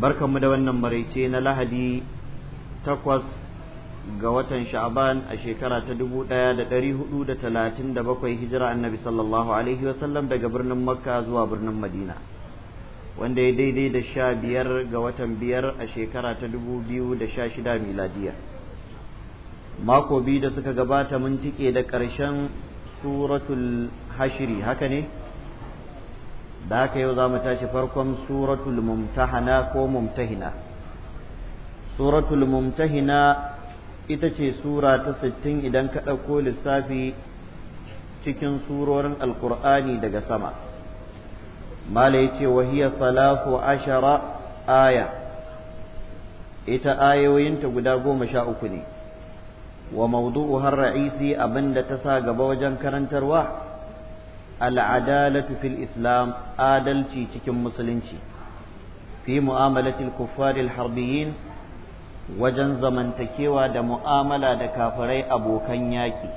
barkanmu da wannan maraice na lahadi takwas ga watan sha'aban a shekara ta dubu ɗaya da ɗari hudu da talatin da bakwai hijira annabi sallallahu alaihi wasallam daga birnin makka zuwa birnin madina wanda ya daidai da sha biyar ga watan biyar a shekara ta dubu biyu da sha shida miladiya mako biyu da suka gabata mun tike da ƙarshen suratul hashiri haka ne da haka yau za mu tashi farkon suratul mumtahana ko mumtahina suratul mumtahina ita ce sura ta sittin idan ka ɗauko lissafi cikin surorin alkur'ani daga sama mala ya ce wahiyar salasu ashara aya ita ayoyinta guda goma sha uku ne wa maudu'u har ra'isi abinda ta sa gaba wajen karantarwa al'adalatu fil islam adalci cikin musulunci fi mu'amalatil kuffaril harbiyin wajen zamantakewa da mu'amala da kafirai abokan yaki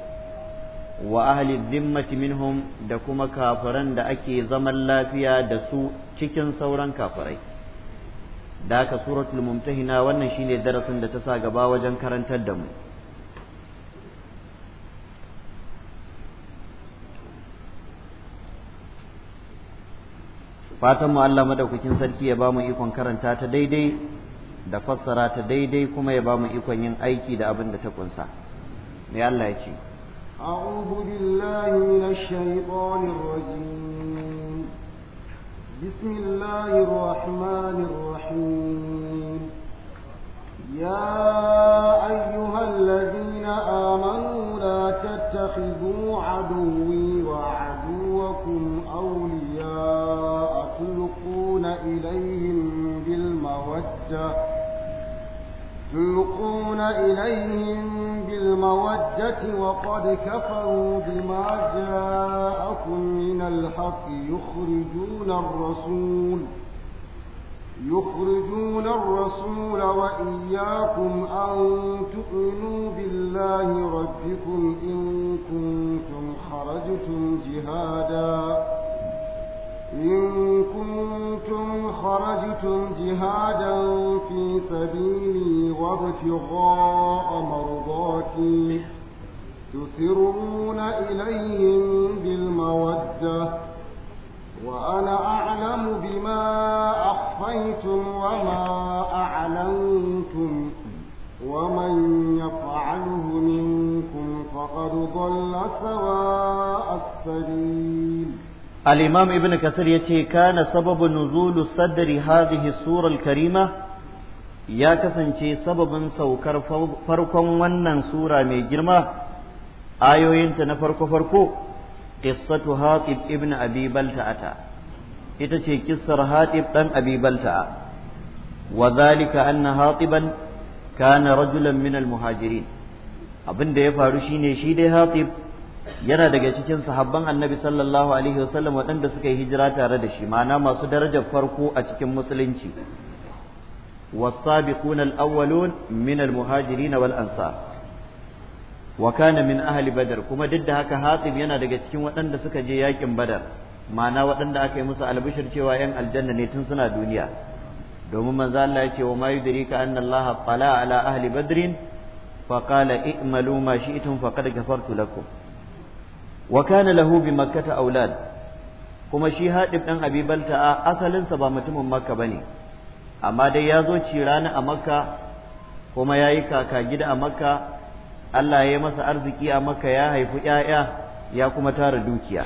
wa ahli zimmati minhum da kuma kafiran da ake zaman lafiya da su cikin sauran kafirai da haka suratul mumtahina wannan shine darasin da ta sa gaba wajen karantar da mu fatan mu Allah madaukakin sarki ya bamu ikon karanta ta daidai da fassara ta daidai kuma ya bamu ikon yin aiki da abin da ta kunsa me Allah ya ce a'udhu billahi minash الشيطان الرجيم bismillahir rahmanir rahim ya إليهم بالمودة تلقون إليهم بالمودة وقد كفروا بما جاءكم من الحق يخرجون الرسول يخرجون الرسول وإياكم أن تؤمنوا بالله ربكم إن كنتم خرجتم جهاداً إن كنتم خرجتم جهادا في سبيلي وابتغاء مرضاتي تسرون إليهم بالمودة وأنا أعلم بما أخفيتم وما أعلنتم ومن يفعله منكم فقد ضل سواء السبيل الإمام ابن كثير يتي كان سبب نزول صدر هذه السورة الكريمة يا كسنتي سبب سوكر فرقا ونن سورة من جرمة آيوين تنفرق فرقو قصة هاتب ابن أبي بلتعة يتشي كسر هاتب أم أبي بلتعة وذلك أن هاطبا كان رجلا من المهاجرين أبن ده فارشين شيد هاطب yana daga cikin sahabban annabi sallallahu alaihi wasallam waɗanda suka yi hijira tare da shi ma'ana masu darajar farko a cikin musulunci والسابقون الأولون من المهاجرين والأنصار وكان من أهل بدر كما ضد هكا هاتم ينا daga cikin waɗanda suka je yakin badar ma'ana waɗanda aka yi musu albishir cewa yan aljanna ne tun suna duniya domin manzo Allah ya ce wa ma yudrika anna Allah tala ala ahli badrin fa qala i'malu ma shi'tum faqad ghafartu lakum wa kana lahu bi makkata aulad kuma shi haɗib ɗan abi asalinsa ba mutumin makka bane amma dai ya zo ci rana a makka kuma ya yi kaka gida a makka allah ya yi masa arziki a makka ya haifi ‘ya'ya ya kuma tara dukiya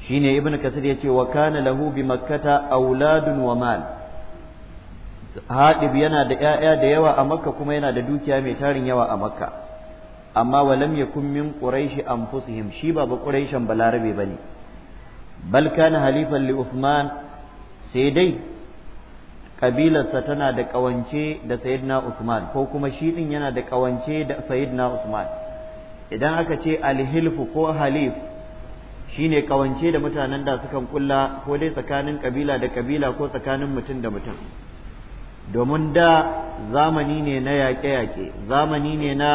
Shi ne ibn kasir ya ce wa kana lahu bi makkata auladun wa mal haɗib yana da ‘ya'ya da yawa a makka kuma yana da dukiya mai tarin yawa a makka amma walam yakun min quraishi anfusihim shi ba ba quraishan balarabe bane bal kana halifan li uthman sai dai kabilarsa tana da kawance da sayyidina usman ko kuma shi din yana da kawance da sayyidina usman idan aka ce alhilfu ko halif shine kawance da mutanen da sukan kulla ko dai tsakanin kabila da kabila ko tsakanin mutum da mutum domin da zamani ne na yaƙe-yaƙe zamani ne na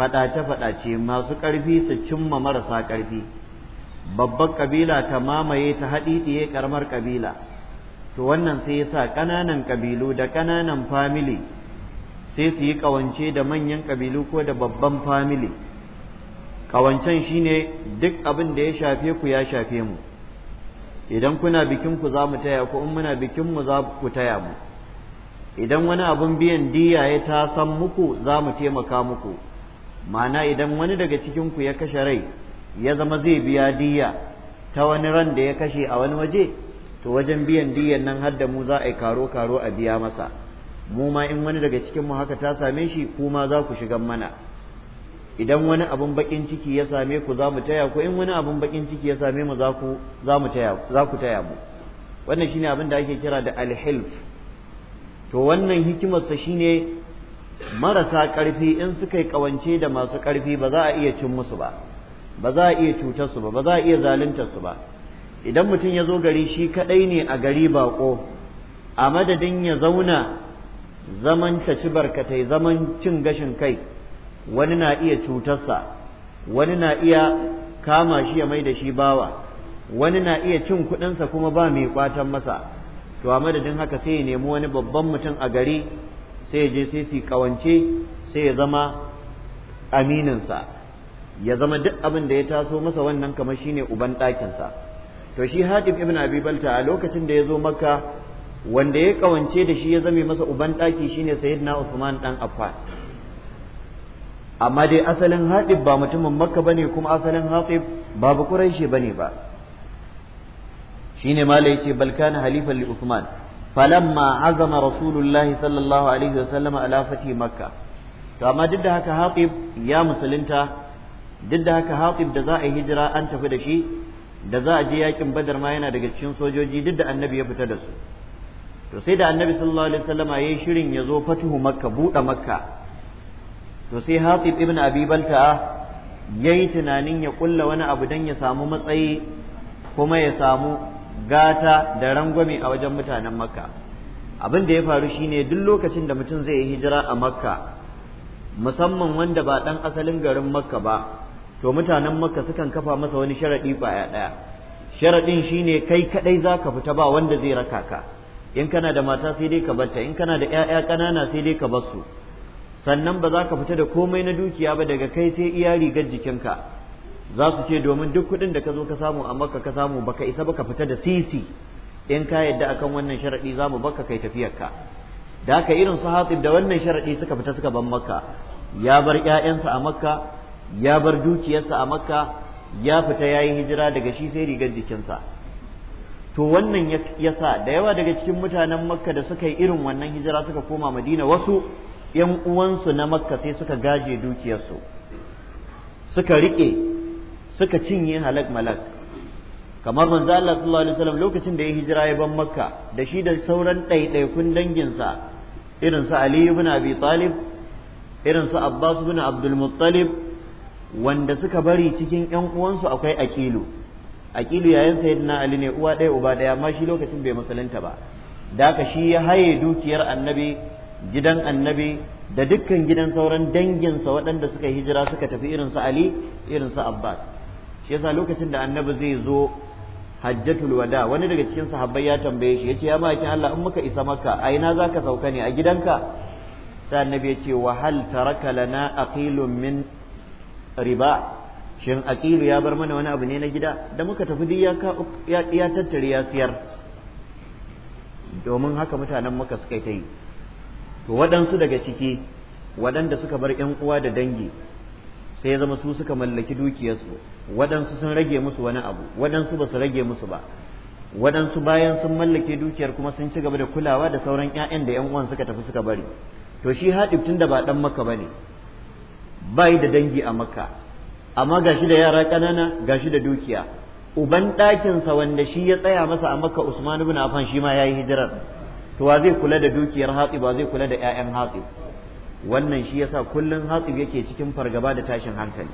faɗace-faɗace masu ƙarfi su cimma marasa ƙarfi babbar ƙabila ta mamaye ta haɗiɗiye ƙaramar ƙabila to wannan sai ya sa ƙananan ƙabilu da ƙananan famili sai su yi ƙawance da manyan ƙabilu ko da babban famili ƙawancen shine duk abin da ya shafe ku ya shafe mu idan kuna bikin ku za mu taya ku in muna bikin mu za ku taya mu idan wani abin biyan diya ya ta san muku za mu taimaka muku ma'ana idan wani daga cikin ku ya kashe rai ya zama zai biya diya ta wani ran da ya kashe a wani waje to wajen biyan diyan nan har da mu za a yi karo karo a biya masa mu ma in wani daga cikin mu haka ta same shi kuma za ku shigan mana idan wani abun bakin ciki ya same ku za mu taya ku in wani abun bakin ciki ya same mu za ku za mu taya za ku taya mu wannan shine abin da ake kira da al-hilf. to wannan hikimarsa shine marasa ƙarfi in suka yi ƙawance da masu ƙarfi ba za a iya cin musu ba ba za a iya cutar su ba ba za a iya zaluntar su ba idan mutum ya zo gari shi kaɗai ne a gari baƙo a madadin ya zauna zaman ta barkatai zaman cin gashin kai wani na iya cutarsa wani na iya kama shi ya mai da shi bawa wani na iya cin kuɗinsa kuma ba mai kwatan masa to a madadin haka sai ya nemi wani babban mutum a gari sai ya je sai su kawance sai ya zama amininsa ya zama duk abin da ya taso masa wannan kamar shine uban ɗakinsa to shi hatim ibn abi balta a lokacin da ya zo makka wanda ya kawance da shi ya zame masa uban ɗaki shine sayyidina usman ɗan affan amma dai asalin hatib ba mutumin makka bane kuma asalin hatib ba ba shi bane ba shine malai yace bal li usman falamma azama rasulullahi sallallahu alaihi wasallam ala fati makka to amma duk da haka haqib ya musulunta duk da haka haqib da za a yi hijira an tafi da shi da za a je yaƙin badar ma yana daga cikin sojoji duk da annabi ya fita da su to sai da annabi sallallahu alaihi yayi shirin ya zo fatuhu makka buɗe makka to sai hatib ibn Abibalta balta'a yayi tunanin ya kulla wani abu dan ya samu matsayi kuma ya samu gata da rangwame a wajen mutanen makka abin da ya faru shine duk lokacin da mutum zai yi hijira a makka musamman wanda ba ɗan asalin garin makka ba to mutanen makka sukan kafa masa wani sharaɗi ɓaya ɗaya sharaɗin shine kai kaɗai za ka fita ba wanda zai raka ka in kana da mata sai dai ka barta in kana da 'ya'ya ƙanana sai dai ka bar su sannan ba za ka fita da komai na dukiya ba daga kai sai iya rigar jikinka za su ce domin duk kuɗin da ka zo ka samu a makka ka samu baka isa baka fita da sisi in ka yadda akan wannan sharaɗi za mu baka kai tafiyarka da haka irin su hatib da wannan sharaɗi suka fita suka ban makka ya bar 'ya'yansa a makka ya bar dukiyarsa a makka ya fita ya yi hijira daga shi sai rigar jikinsa to wannan ya sa da yawa daga cikin mutanen makka da suka yi irin wannan hijira suka koma madina wasu yan uwansu na makka sai suka gaje dukiyarsu suka riƙe suka cinye halak malak kamar manzo Allah sallallahu alaihi wasallam lokacin da ya hijira ya ban makka da shi da sauran ɗaiɗaikun danginsa irin su Ali ibn Abi Talib irin su Abbas ibn Abdul Muttalib wanda suka bari cikin yan uwansu akwai Aqilu Aqilu yayin sayyidina Ali ne uwa ɗaya uba ɗaya amma shi lokacin bai musulunta ba da shi ya haye dukiyar annabi gidan annabi da dukkan gidan sauran danginsa waɗanda suka hijira suka tafi irinsu Ali irinsu Abbas shi yasa lokacin da annabi zai zo hajjatul wada wani daga cikin sahabbai ya tambaye shi yace ya maki Allah in muka isa maka, a ina zaka sauka ne a gidanka sai annabi ya ce wa hal taraka lana aqilun min riba shin aqilu ya bar mana wani abu ne na gida da muka tafi duk ya ya tattare ya siyar domin haka mutanen maka suka yi ta yi to waɗansu daga ciki waɗanda suka bar 'yan uwa da dangi sai ya zama su suka mallaki dukiyarsu waɗansu sun rage musu wani abu waɗansu ba su rage musu ba waɗansu bayan sun mallake dukiyar kuma sun ci gaba da kulawa da sauran 'ya'yan da 'yan uwan suka tafi suka bari to shi haɗib tun da ba ɗan maka ba ne bai da dangi a makka amma ga shi da yara ƙanana ga shi da dukiya uban ɗakinsa wanda shi ya tsaya masa a makka usman ibn affan shi ma ya yi hijirar to wa zai kula da dukiyar hatsi ba zai kula da 'ya'yan hatsi wannan shi yasa kullun hatsib yake cikin fargaba da tashin hankali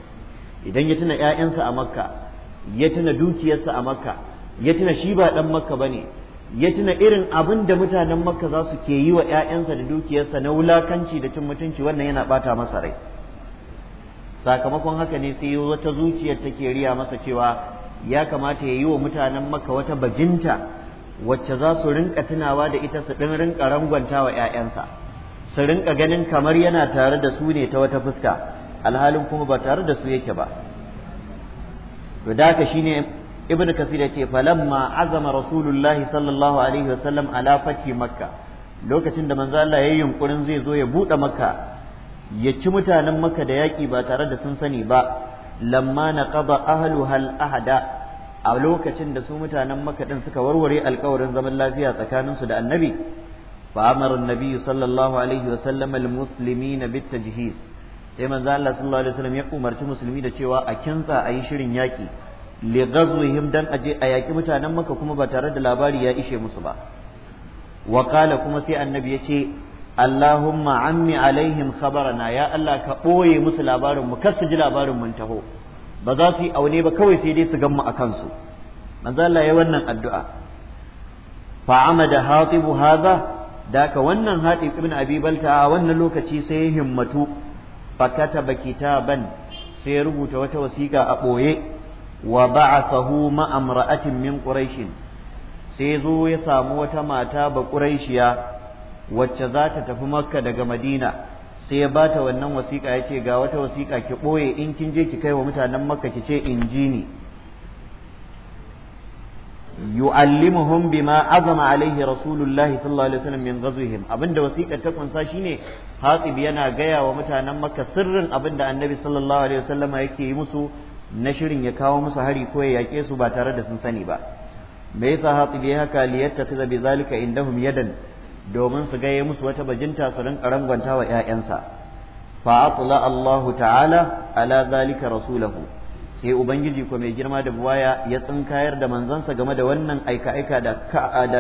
idan ya tuna ƴaƴansa a makka ya tuna dukiyarsa a makka ya tuna shi ba dan makka bane ya tuna irin abin da mutanen makka za su ke yi wa ƴaƴansa da dukiyarsa na wulakanci da cin mutunci wannan yana bata masa rai sakamakon haka ne sai wata zuciyar take riya masa cewa ya kamata ya yi wa mutanen makka wata bajinta wacce za su rinka tunawa da ita su ɗin rinka rangwanta wa 'ya'yansa su rinka ganin kamar yana tare da su ne ta wata fuska alhalin kuma ba tare da su yake ba to da haka shine ibnu kasir ya ce falamma azama rasulullahi sallallahu alaihi wasallam ala makka lokacin da manzo Allah yayin yunkurin zai zo ya bude makka ya ci mutanen makka da yaki ba tare da sun sani ba lamma naqada ahlu hal ahada a lokacin da su mutanen ɗin suka warware alkawarin zaman lafiya tsakaninsu da annabi فأمر النبي صلى الله عليه وسلم المسلمين بالتجهيز sai manzo Allah sallallahu alaihi wasallam ya umarci musulmi da cewa a kinsa a yi shirin yaki li ghazwihim dan aje a yaki mutanen maka, kuma ba tare da labari ya ishe musu ba wa qala kuma sai annabi ya ce Allahumma ammi alaihim khabarana ya Allah ka boye musu labarin mu kar su ji labarin mun taho ba za su yi aune ba kawai sai dai su gamma a kansu manzo Allah ya wannan addu'a fa amada hatibu hadha daka wannan haɗin ibn abi a wannan lokaci sai ya himmatu fakata kitaban sai ya rubuta wata wasiƙa a ɓoye wa ba'athahu ma'a min quraish sai zo ya samu wata mata ba quraishiya wacce za ta tafi makka daga madina sai ya bata wannan wasiƙa ya ce ga wata wasiƙa ki ɓoye in kin je ki kai wa mutanen makka ki ce in ji ni yu'allimuhum bima azama alaihi rasulullahi sallallahu alaihi wasallam min ghazwihim abinda wasiƙar ta kunsa shine Hatib yana gaya wa mutanen maka sirrin abinda Annabi sallallahu alaihi wasallam yake yi musu na shirin ya kawo musu hari ko ya yake su ba tare da sun sani ba me yasa Hatib ya haka liyattakhidha bi zalika indahum yadan domin su gaya musu wata bajinta su rinka rangwanta wa ƴaƴansa fa atla Allahu ta'ala ala zalika rasulahu sai ubangiji ko mai girma da buwaya ya tsinkayar da manzansa game da wannan aika-aika da da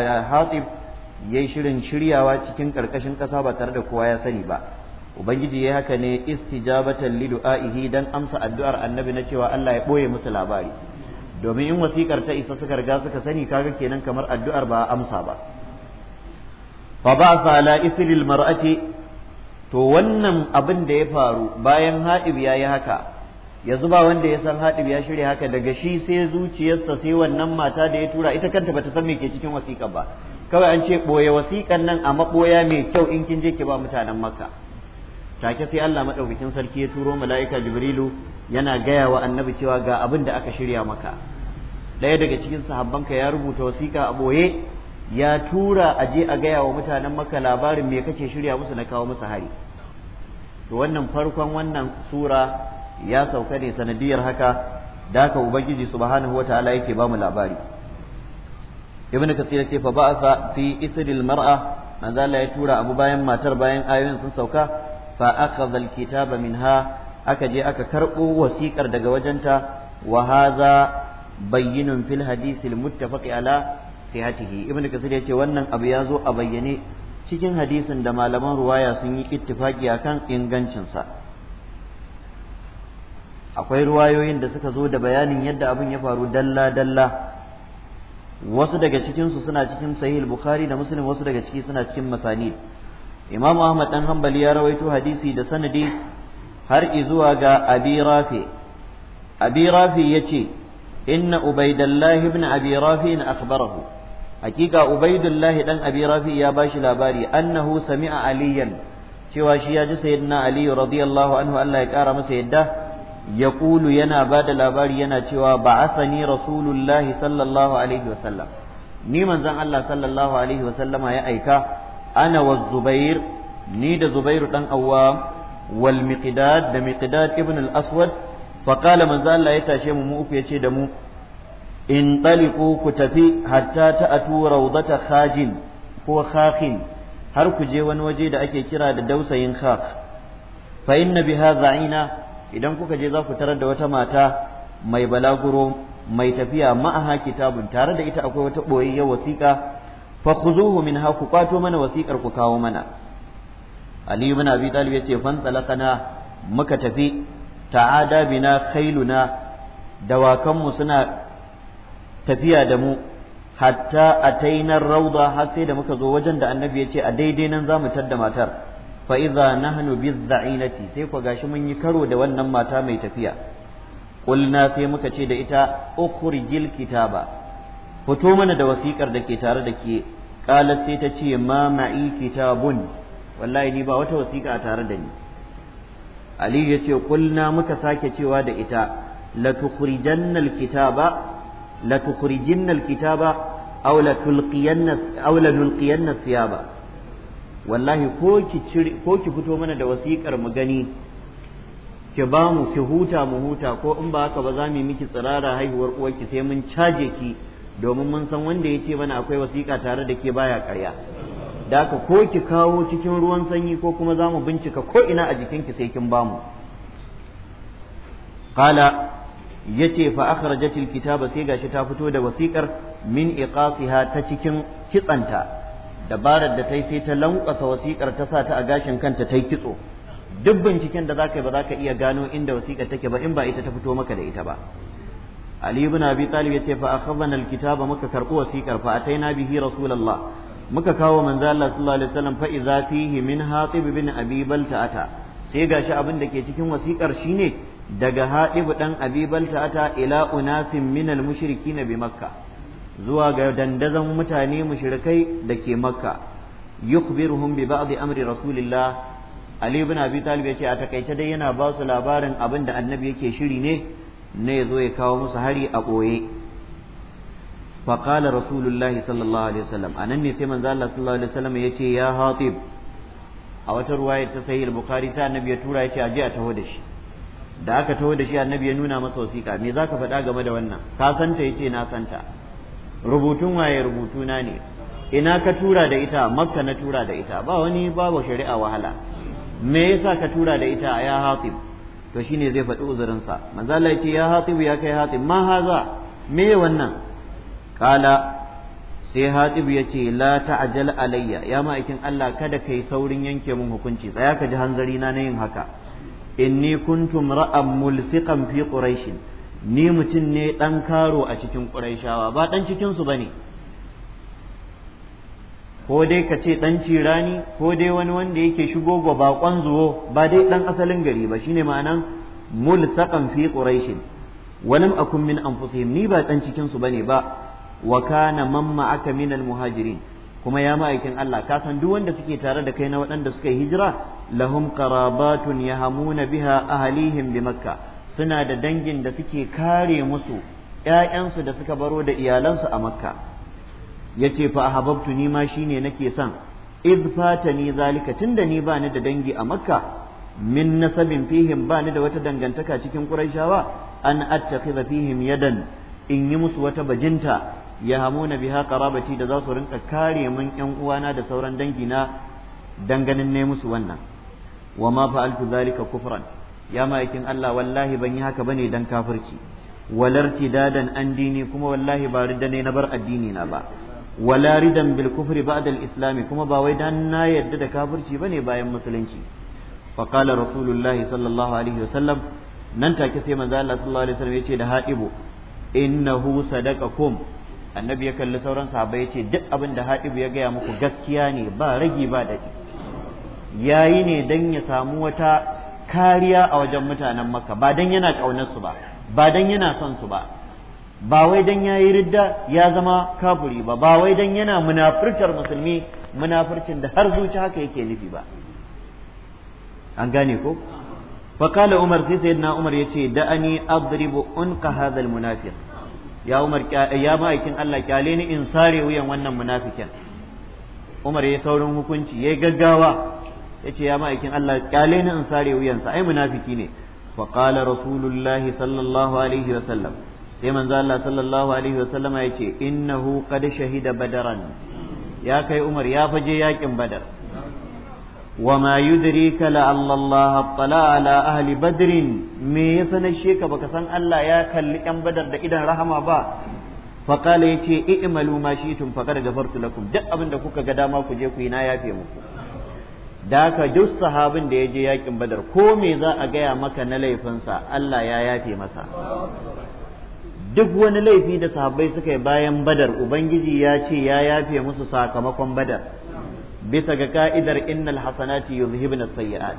ya yi shirin shiryawa cikin ƙarƙashin ƙasa ba tare da kowa ya sani ba ubangiji ya haka ne istijabatan a dan amsa addu'ar annabi na cewa Allah ya ɓoye musu labari domin in wasikar ta isa suka riga suka sani kaga kenan kamar addu'ar ba amsa ba fa ba'sa ala isril mar'ati to wannan abin da ya faru bayan ha'ib yayi haka yanzu ba wanda ya san haɗib ya shirya haka daga shi sai zuciyarsa sai wannan mata da ya tura ita kanta bata san me ke cikin wasiƙa ba kawai an ce ɓoye wasiƙan nan a maɓoya mai kyau in kin je ki ba mutanen makka take sai Allah madaukakin sarki ya turo mala'ika jibrilu yana gaya wa annabi cewa ga abin da aka shirya maka ɗaya daga cikin sahabbanka ya rubuta wasiƙa a ɓoye ya tura a je a gaya wa mutanen maka labarin me kake shirya musu na kawo musu hari to wannan farkon wannan sura ya sauka ne sanadiyar haka da haka ubangiji subhanahu wataala yake ba mu labari ibnu kasir yace fa ba'atha fi isril mar'a manzo Allah ya tura abu bayan matar bayan ayoyin sun sauka fa akhadha alkitaba minha aka je aka karbo wasiƙar daga wajenta wa hadha bayyinun fil hadithil muttafaqi ala sihatihi ibnu kasir ya ce wannan abu ya zo a bayyane cikin hadisin da malaman ruwaya sun yi ittifaqi akan ingancinsa akwai ruwayoyin da suka zo da bayanin yadda abin ya faru dalla dalla wasu daga cikinsu suna cikin sahih bukhari da muslim wasu daga ciki suna cikin masanid imamu ahmad dan hanbali ya rawaito hadisi da sanadi har izuwa ga abi rafi abi rafi yace inna ubaidallah ibn abi rafi na akhbarahu hakika ubaidullah dan abi rafi ya bashi labari annahu sami'a aliyan cewa shi ya ji sayyidina ali radiyallahu anhu Allah ya kara masa yadda yaqulu yana bada labari yana cewa ba'asani rasulullahi sallallahu alaihi wasallam ni manzon Allah sallallahu alaihi wasallama ya aika ana wa zubair ni da zubair dan awwa wal miqdad da miqdad ibn al aswad fa qala manzon Allah ya tashe mu mu uku yace da mu in taliqu ku tafi hatta a rawdata khajin ko khakhin har ku je wani waje da ake kira da dausayin khakh fa inna biha za'ina idan kuka je za ku tarar da wata mata mai balaguro mai tafiya ma'aha kitabun tare da ita akwai wata boyayya wasiƙa fa khuzuhu ha ku kwato mana wasiƙar ku kawo mana ali ibn abi talib yace fan talaqana muka tafi ta'ada bina khailuna mu suna tafiya da mu hatta atainar rauda har sai da muka zo wajen da annabi yace ce a daidai nan za mu tadda matar fa idza nahnu bizza'inati sai ku gashi mun yi karo da wannan mata mai tafiya qulna sai muka ce da ita ukhrijil kitaba fito mana da wasikar da ke tare da ke qalat sai ta ce ma kitabun wallahi ni ba wata wasika a tare da ni Aliyu ya ce qulna muka sake cewa da ita latukhrijanna alkitaba latukhrijinna alkitaba aw latulqiyanna aw lanulqiyanna thiyaba wallahi ko ki fito mana da wasiƙar mu gani ki ba mu ki huta mu huta ko in ba haka ba za mu miki tsirara haihuwar ki sai mun caje ki domin mun san wanda ya ce mana akwai wasiƙa tare da ke baya ƙarya da ka ko ki kawo cikin ruwan sanyi ko kuma za mu bincika ko ina a jikinki sai kin ba mu qala yace fa akhrajatil kitaba sai gashi ta fito da wasiƙar min iqasiha ta cikin kitsanta dabarar da ta yi sai ta lankwasa wasiƙar ta sa ta a gashin kanta ta yi kitso duk binciken da zaka yi ba zaka iya gano inda wasiƙar take ba in ba ita ta fito maka da ita ba Ali ibn Abi Talib yace fa akhadhana alkitaba muka karɓi wasiƙar fa ataina bihi rasulullah muka kawo manzo Allah sallallahu alaihi wasallam fa idza fihi min Hatib ibn Abi Balta'ata sai gashi abin da ke cikin wasiƙar shine daga Hatib dan Abi Balta'ata ila unasin min na bi Makkah zuwa ga dandazon mutane mushrikai da ke makka yukhbiruhum bi ba'd amri rasulillah ali ibn abi talib yace a takaice dai yana ba su labarin abin da annabi yake shiri ne ne yazo ya kawo musu hari a boye fa qala rasulullah sallallahu alaihi wasallam anan ne sai manzo Allah sallallahu alaihi wasallam yace ya hatib a wata ruwaya ta sahih al-bukhari sai annabi ya tura yace aje a taho da shi da aka taho da shi annabi ya nuna masa wasiƙa me zaka faɗa game da wannan ka santa yace na santa rubutun waye rubutu na ne ina ka tura da ita makka na tura da ita ba wani babu shari'a wahala me yasa ka tura da ita ya hatib to shine zai faɗi uzurinsa manzo Allah ya ce ya hatib ya kai hatib ma haza me wannan kala sai hatib ya ce la ta'jal alayya ya ma'aikin Allah kada kai saurin yanke mun hukunci tsaya ka ji hanzari na yin haka inni kuntum ra'am mulsiqan fi quraishin ni mutum ne ɗan karo a cikin ƙuraishawa ba ɗan cikinsu ba ne ko dai ka ce ɗan cirani ko dai wani wanda yake shigo ga baƙon zuwo ba dai ɗan asalin gari ba shine ma'anan mulsaqan fi Wani walam akun min anfusihim ni ba ɗan cikinsu bane ba wa kana man ma'aka minal muhajirin kuma ya ma'aikin Allah ka san duk wanda suke tare da kai na waɗanda suka yi hijira lahum qarabatun yahamuna biha ahlihim bi Makka. suna da dangin da suke kare musu ‘ya'yansu da suka baro da iyalansu a makka ya ce fa ahabbtu ni ma shi ne nake son id fata ni zalika tunda ni ba ni da dangi a makka min nasabin fihim ba ni da wata dangantaka cikin ƙuraishawa an attakhidha fihim yadan in yi musu wata bajinta ya na biha qarabati da za su rinka kare mun ƴan uwana da sauran dangina danganin ne musu wannan wa ma fa'altu zalika kufran ya ma'aikin Allah wallahi ban yi haka bane dan kafirci walarti dadan an dini kuma wallahi ba ridda ne na bar addini na ba wala ridan bil kufri ba'da al islami kuma ba wai dan na yarda da kafirci bane bayan musulunci fa qala rasulullahi sallallahu alaihi wasallam nan take sai manzo Allah sallallahu alaihi wasallam yace da haibu innahu sadaqakum annabi ya kalli sauran sahabbai yace duk abin da haibu ya gaya muku gaskiya ne ba ragi ba dadi yayi ne dan ya samu wata kariya a wajen mutanen makka ba dan yana ƙaunar ba ba dan yana son su ba ba wai dan yayi ridda ya zama kafuri ba ba wai dan yana munafurtar musulmi munafurcin da har zuci haka yake nufi ba an gane ko فقال umar سي سيدنا عمر يتي دعني اضرب انق هذا المنافق ya umar ya ma'aikin Allah kyale ni in sare wuyan wannan munafikin Umar ya saurin hukunci yayi gaggawa yace ya ma'aikin Allah kyale ni in sare wuyansa ai munafuki ne fa qala rasulullahi sallallahu alaihi wa sallam sai sallallahu alaihi wa sallama yace innahu qad shahida badaran ya kai Umar ya faje yakin badar وما يدريك لعل الله اطلع على اهل بدر me ya sanar ka baka san Allah ya kalli yan badar da idan rahama ba fa qala yace i'malu ma shi'tum faqad ghafartu lakum duk abin da kuka ga dama ku je ku yi na yafe muku da haka duk sahabin da ya je yakin badar ko me za a gaya maka na laifinsa Allah ya yafe masa duk wani laifi da sahabbai suka yi bayan badar ubangiji ya ce ya yafe musu sakamakon badar bisa ga ka'idar innal hasanati yuzhibna sayyi'at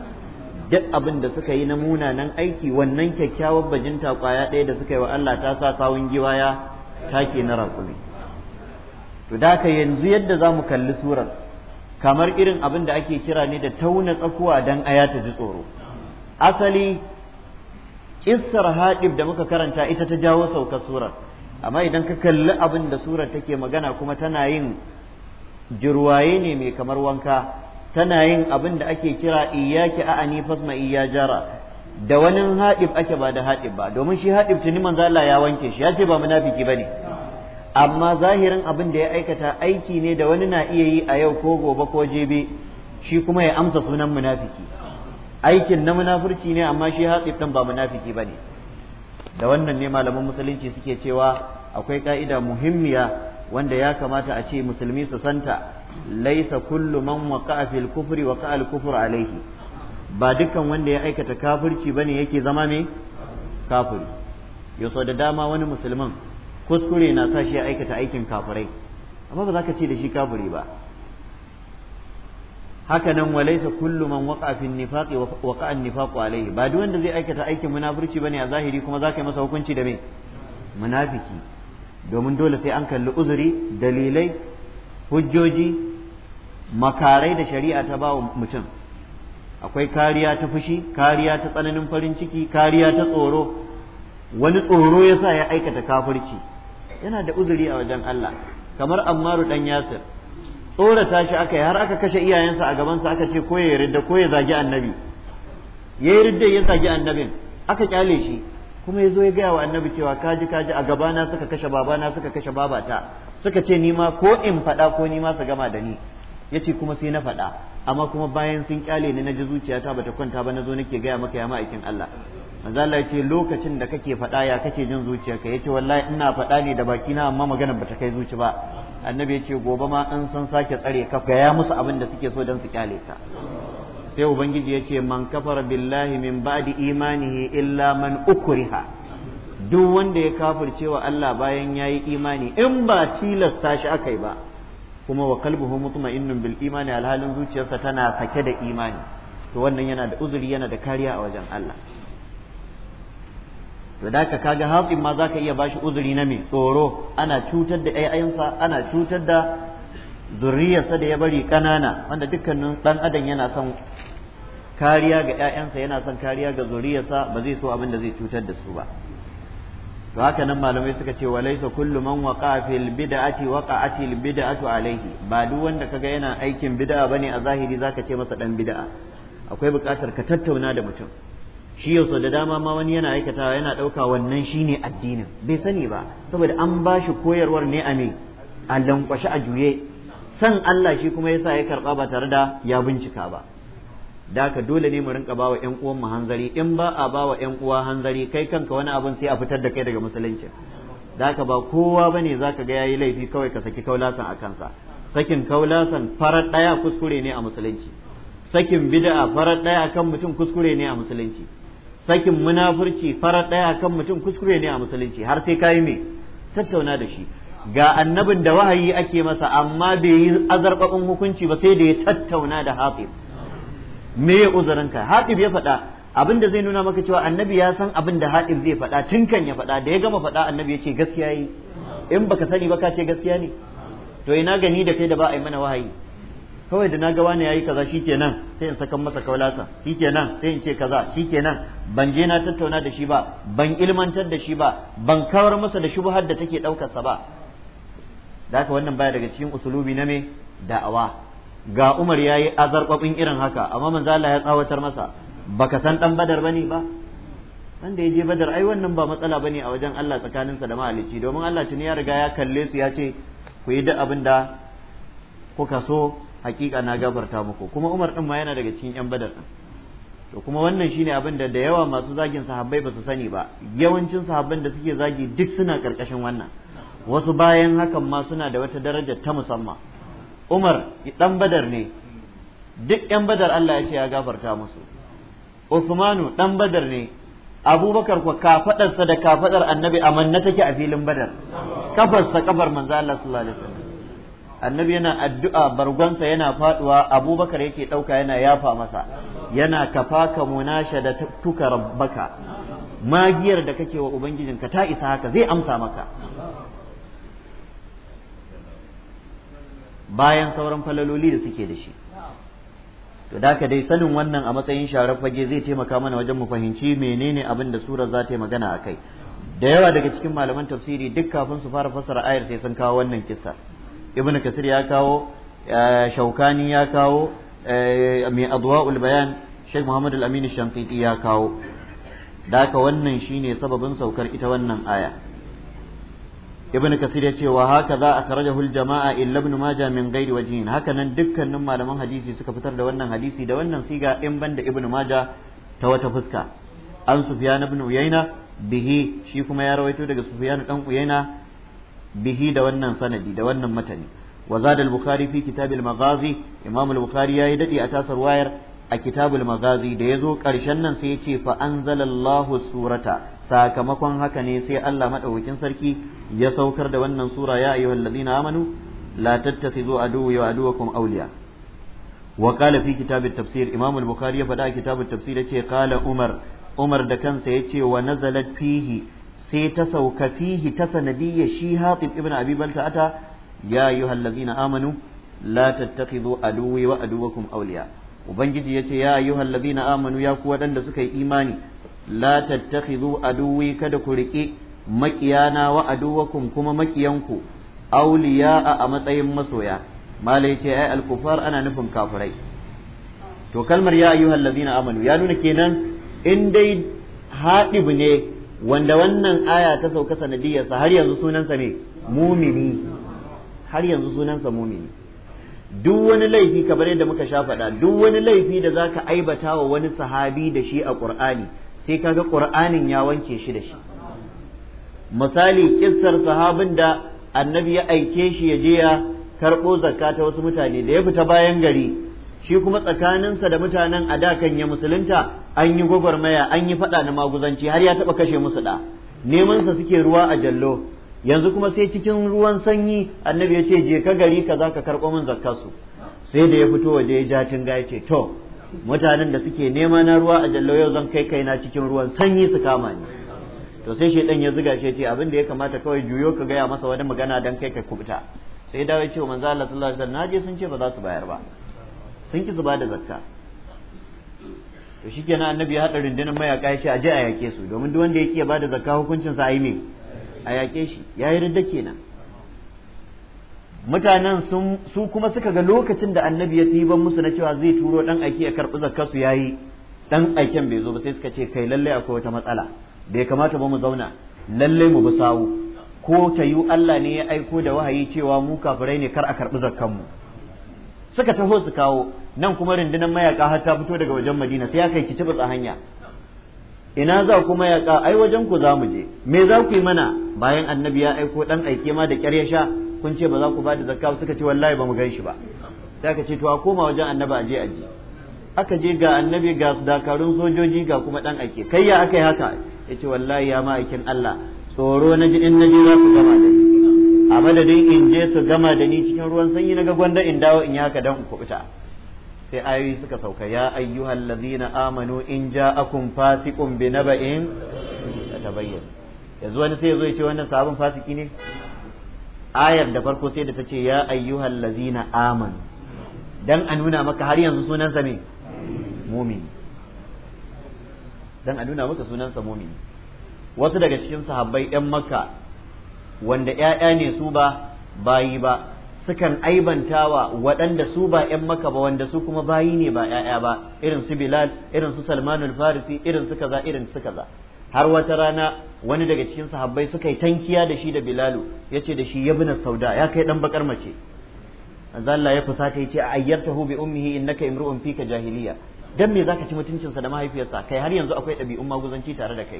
duk abin da suka yi na munanan aiki wannan kyakkyawar bajinta kwaya ɗaya da suka yi wa Allah ta sa sawun giwaya take na raƙumi to da yanzu yadda za mu kalli surar kamar irin abin da ake kira ne da tauna tsakuwa dan aya ta ji tsoro asali kissar haɗib da muka karanta ita ta jawo saukar surar amma idan ka kalli abin da surar take magana kuma tana yin jirwaye ne mai kamar wanka tana yin abin da ake kira iyaki a'ani fasma iya jara da wani haɗib ake ba da haɗib ba domin shi haɗib tuni Manzala ya wanke shi ya ce ba munafiki bane amma zahirin abin da ya aikata aiki ne da wani na iya yi a yau ko gobe ko jebe shi kuma ya amsa sunan munafiki aikin na munafurci ne amma shi haƙiƙan ba munafiki ne da wannan ne malaman musulunci suke cewa akwai ka'ida muhimmiya wanda ya kamata a ce musulmi su santa laisa kullu man waqa'a fil kufri waqa'a al kufr alaihi ba dukkan wanda ya aikata kafirci bane yake zama me kafiri yau da dama wani musulmin kuskure na sa shi ya aikata aikin kafirai amma ba za ka ce da shi kafiri ba haka nan walaisa kullu man waqa fi nifaqi waqa an nifaqu alayhi ba duk wanda zai aikata aikin munafurci bane a zahiri kuma za ka yi masa hukunci da me munafiki domin dole sai an kalli uzuri dalilai hujjoji makarai da shari'a ta ba mutum akwai kariya ta fushi kariya ta tsananin farin ciki kariya ta tsoro wani tsoro ya sa ya aikata kafirci yana da uzuri a wajen Allah kamar Ammaru dan Yasir tsorata shi aka yi har aka kashe iyayensa a gabansa aka ce ko ya yarda ko ya zagi annabi ya yarda ya zagi annabin aka kyale shi kuma ya zo ya gaya wa annabi cewa kaji kaji a gabana suka kashe babana suka kashe babata suka ce ni ma ko in faɗa ko ni ma su gama da ni ya ce kuma sai na faɗa amma kuma bayan sun kyale ni na ji zuciyata bata kwanta ba nazo nake gaya maka ya ma'aikin Allah manzo Allah yace lokacin da kake faɗa ya kake jin zuciyarka yace wallahi ina faɗa ne da baki na amma magana bata kai zuci ba annabi yace gobe ma an san sake tsare ka ya musu abin da suke so dan su kyale ka sai ubangiji yace man kafara billahi min ba'di imanihi illa man ukriha duk wanda ya kafircewa wa Allah bayan yayi imani in ba tilasta shi akai ba kuma wa kalbuhu mutma'innun bil imani alhalin zuciyarsa tana sake da imani to wannan yana da uzuri yana da kariya a wajen Allah to da ka kaga haƙin ma zaka iya bashi uzuri na me tsoro ana cutar da ayyansa ana cutar da zuriyarsa da ya bari kanana wanda dukkanin ɗan adam yana son kariya ga ƴaƴansa yana son kariya ga zuriyarsa ba zai so abin da zai cutar da su ba to haka nan malamai suka ce wa laysa kullu man waqa fil bid'ati waqa'ati al bid'atu alayhi ba duk wanda kaga yana aikin bid'a bane a zahiri zaka ce masa dan bid'a akwai buƙatar ka tattauna da mutum shi yau da dama ma wani yana aikatawa yana ɗauka wannan shine addinin bai sani ba saboda an ba shi koyarwar ne a ne a lankwashe a juye san Allah shi kuma yasa ya karɓa ba tare da ya bincika ba da ka dole ne mu rinka ba wa 'yan uwan mu hanzari in ba a ba wa 'yan uwa hanzari kai kanka wani abun sai a fitar da kai daga musulunci da ka ba kowa ba ne za ka ga yayi laifi kawai ka saki kaulasan a kansa sakin kaulasan farar ɗaya kuskure ne a musulunci sakin bid'a farar ɗaya kan mutum kuskure ne a musulunci sakin munafurci farar ɗaya kan mutum kuskure ne a musulunci har sai kayi me tattauna da shi ga annabin da wahayi ake masa amma bai yi azarbabin hukunci ba sai da ya tattauna da hafiz me ya uzurinka haɗib ya faɗa abin da zai nuna maka cewa annabi ya san abin da haɗib zai faɗa tun kan ya faɗa da ya gama faɗa annabi ya ce gaskiya yi in baka sani ba ka ce gaskiya ne to ina gani da kai da ba a mana wahayi kawai da na ga wani yayi kaza shikenan sai in sakan masa kaulasa shikenan sai in ce kaza shikenan ban je na tattauna da shi ba ban ilmantar da shi ba ban kawar masa da shubhar da take sa ba da haka wannan baya daga cikin usulubi na me da'awa ga Umar ya yi azarkwabin irin haka amma manzo Allah ya tsawatar masa baka san dan Badar bane ba wanda ya je Badar ai wannan ba matsala bane a wajen Allah tsakaninsa da mahalicci domin Allah tuni ya riga ya kalle su ya ce ku yi duk abin da kuka so hakika na gabarta muku kuma Umar din ma yana daga cikin yan Badar to kuma wannan shine abin da da yawa masu zagin sahabbai ba su sani ba yawancin sahabban da suke zagi duk suna karkashin wannan wasu bayan hakan ma suna da wata daraja ta musamman Umar dan Badar ne duk yan Badar Allah ya ce ya gafarta musu Usmanu ɗan Badar ne Abubakar kuwa kafadarsa da kafadar Annabi amanna take a filin Badar kafarsa kafar manzo Allah sallallahu alaihi wasallam Annabi yana addu'a bargonsa yana faduwa Abubakar yake ɗauka yana yafa masa yana kafa ka munasha da tuka rabbaka magiyar da kake wa ubangijinka ta isa haka zai amsa maka bayan sauran falaloli da suke da shi to da dai sanin wannan a matsayin sharar fage zai taimaka mana wajen mu fahimci menene abin da surar za ta yi magana a kai da yawa daga cikin malaman tafsiri duk kafin su fara fassara ayar sai sun kawo wannan kissa Ibn kasir ya kawo eh, shaukani ya kawo eh, mai adwa'ul bayan sheikh muhammad al-amin ya kawo da ka wannan shine sababin saukar ita wannan aya ibn kasir ya ce wa haka za a karajahu jama'a illa ibn maja min ghairi wajhin haka nan dukkanin malaman hadisi suka fitar da wannan hadisi da wannan siga in banda ibn maja ta wata fuska an sufyan ibn uyaina bihi shi kuma ya rawaito daga sufyan dan uyaina bihi da wannan sanadi da wannan matani wa zada al-bukhari fi kitab al-maghazi imam al-bukhari yayi dadi a tasar wayar a kitabul magazi da ya zo ƙarshen nan sai ya ce fa anzalallahu surata sakamakon haka ne sai Allah madaukakin sarki ya saukar da wannan sura ya ayyuhal ladina amanu la tattakhidhu aduwwa wa aduwwakum awliya wa qala fi kitabit tafsir imam al-bukhari ya faɗa a kitabut tafsir yace qala umar umar da kansa yace wa nazalat fihi sai ta sauka fihi ta sanadiyya shi hatib ibn abi balta ata ya ayyuhal amanu la tattakhidhu aduwwa wa aduwwakum awliya ubangiji ya ce ya hallabi na amanu ya ku waɗanda suka yi imani la tattakhidhu aduwi kada ku riƙe makiyana wa aduwakum kuma makiyanku auliya a matsayin masoya malai ce ai alkufar ana nufin kafirai to kalmar ya hallabi na amanu ya nuna kenan in dai haɗibu ne wanda wannan aya ta sauka sanadiyarsa har yanzu sunansa ne mumini har yanzu sunansa mumini duk wani laifi kamar yadda muka sha faɗa duk wani laifi da za ka aibata wa wani sahabi da shi a ƙur'ani sai kaga ƙur'anin ya wanke shi da shi misali kissar sahabin da annabi ya aike shi ya je ya karɓo zakka ta wasu mutane da ya fita bayan gari shi kuma tsakaninsa da mutanen a da kan ya musulunta an yi gwagwarmaya an yi faɗa na maguzanci har ya taɓa kashe musu ɗa nemansa suke ruwa a jallo yanzu kuma sai cikin ruwan sanyi annabi ya ce je ka gari ka ka karɓo min zakkarsu sai da ya fito waje ya ja tinga ya ce to mutanen da suke nema na ruwa a jallo yau zan kai kai na cikin ruwan sanyi su kama ni to sai dan ya zuga shi ya ce abin da ya kamata kawai juyo ka gaya masa wani magana dan kai ka kubuta sai dawo ya ce wa manzo Allah sallallahu alaihi wasallam naje sun ce ba za su bayar ba sun ki su bada zakka to shikenan annabi ya hada rundunar mayaka ya ce aje a yake su domin duk wanda yake ba da zakka hukuncin sa ai me a yaƙe shi ya yi ridda kenan mutanen su kuma suka ga lokacin da annabi ya ban musu na cewa zai turo ɗan aiki a karɓi zakkarsu ya yi ɗan aiken bai zo ba sai suka ce kai lallai akwai wata matsala bai kamata ba mu zauna lallai mu bi sawu ko ta yi Allah ne ya aiko da wahayi cewa mu kafirai ne kar a karɓi zakkanmu suka taho su kawo nan kuma rundunar mayaka har ta fito daga wajen Madina sai ya kai kici hanya ina za kuma yaƙa ai wajen ku za mu je me za ku yi mana bayan annabi ya aiko dan aike ma da kyar ya sha kun ce ba za ku bada da zakka suka ce wallahi ba mu gan shi ba sai aka ce to a koma wajen annabi a je a je aka je ga annabi ga dakarun sojoji ga kuma dan aike. kai ya aka yi haka ya ce wallahi ya ma'aikin Allah tsoro na ji in na je za ku gama da ni a madadin in je su gama da ni cikin ruwan sanyi na ga gwanda in dawo in yi haka dan ku kuta sai ayoyi suka sauka ya ayyuhal ladzina amanu in ja'akum fasiqun ta tabayyan yanzu wani sai ya zo ya ce wannan sabon fasiki ne ayar da farko sai da ta ce ya ayyuhal ladzina amanu dan a nuna maka har yanzu sunansa ne mumin dan a nuna maka sunansa mumin wasu daga cikin sahabbai yan makka wanda ƴaƴa ne su ba bayi ba sukan aibantawa waɗanda su ba 'yan maka ba wanda su kuma bayi ne ba 'ya'ya ba irin su bilal irin su salmanul farisi irin su kaza irin su kaza har wata rana wani daga cikin sahabbai suka yi tankiya da shi da bilalu ya ce da shi ya bina sauda ya kai ɗan bakar mace Allah ya fusata ya ce a ayyartahu bi ummihi innaka imru'un fika jahiliya dan me zaka ci mutuncinsa da mahaifiyarsa kai har yanzu akwai ɗabi'un maguzanci tare da kai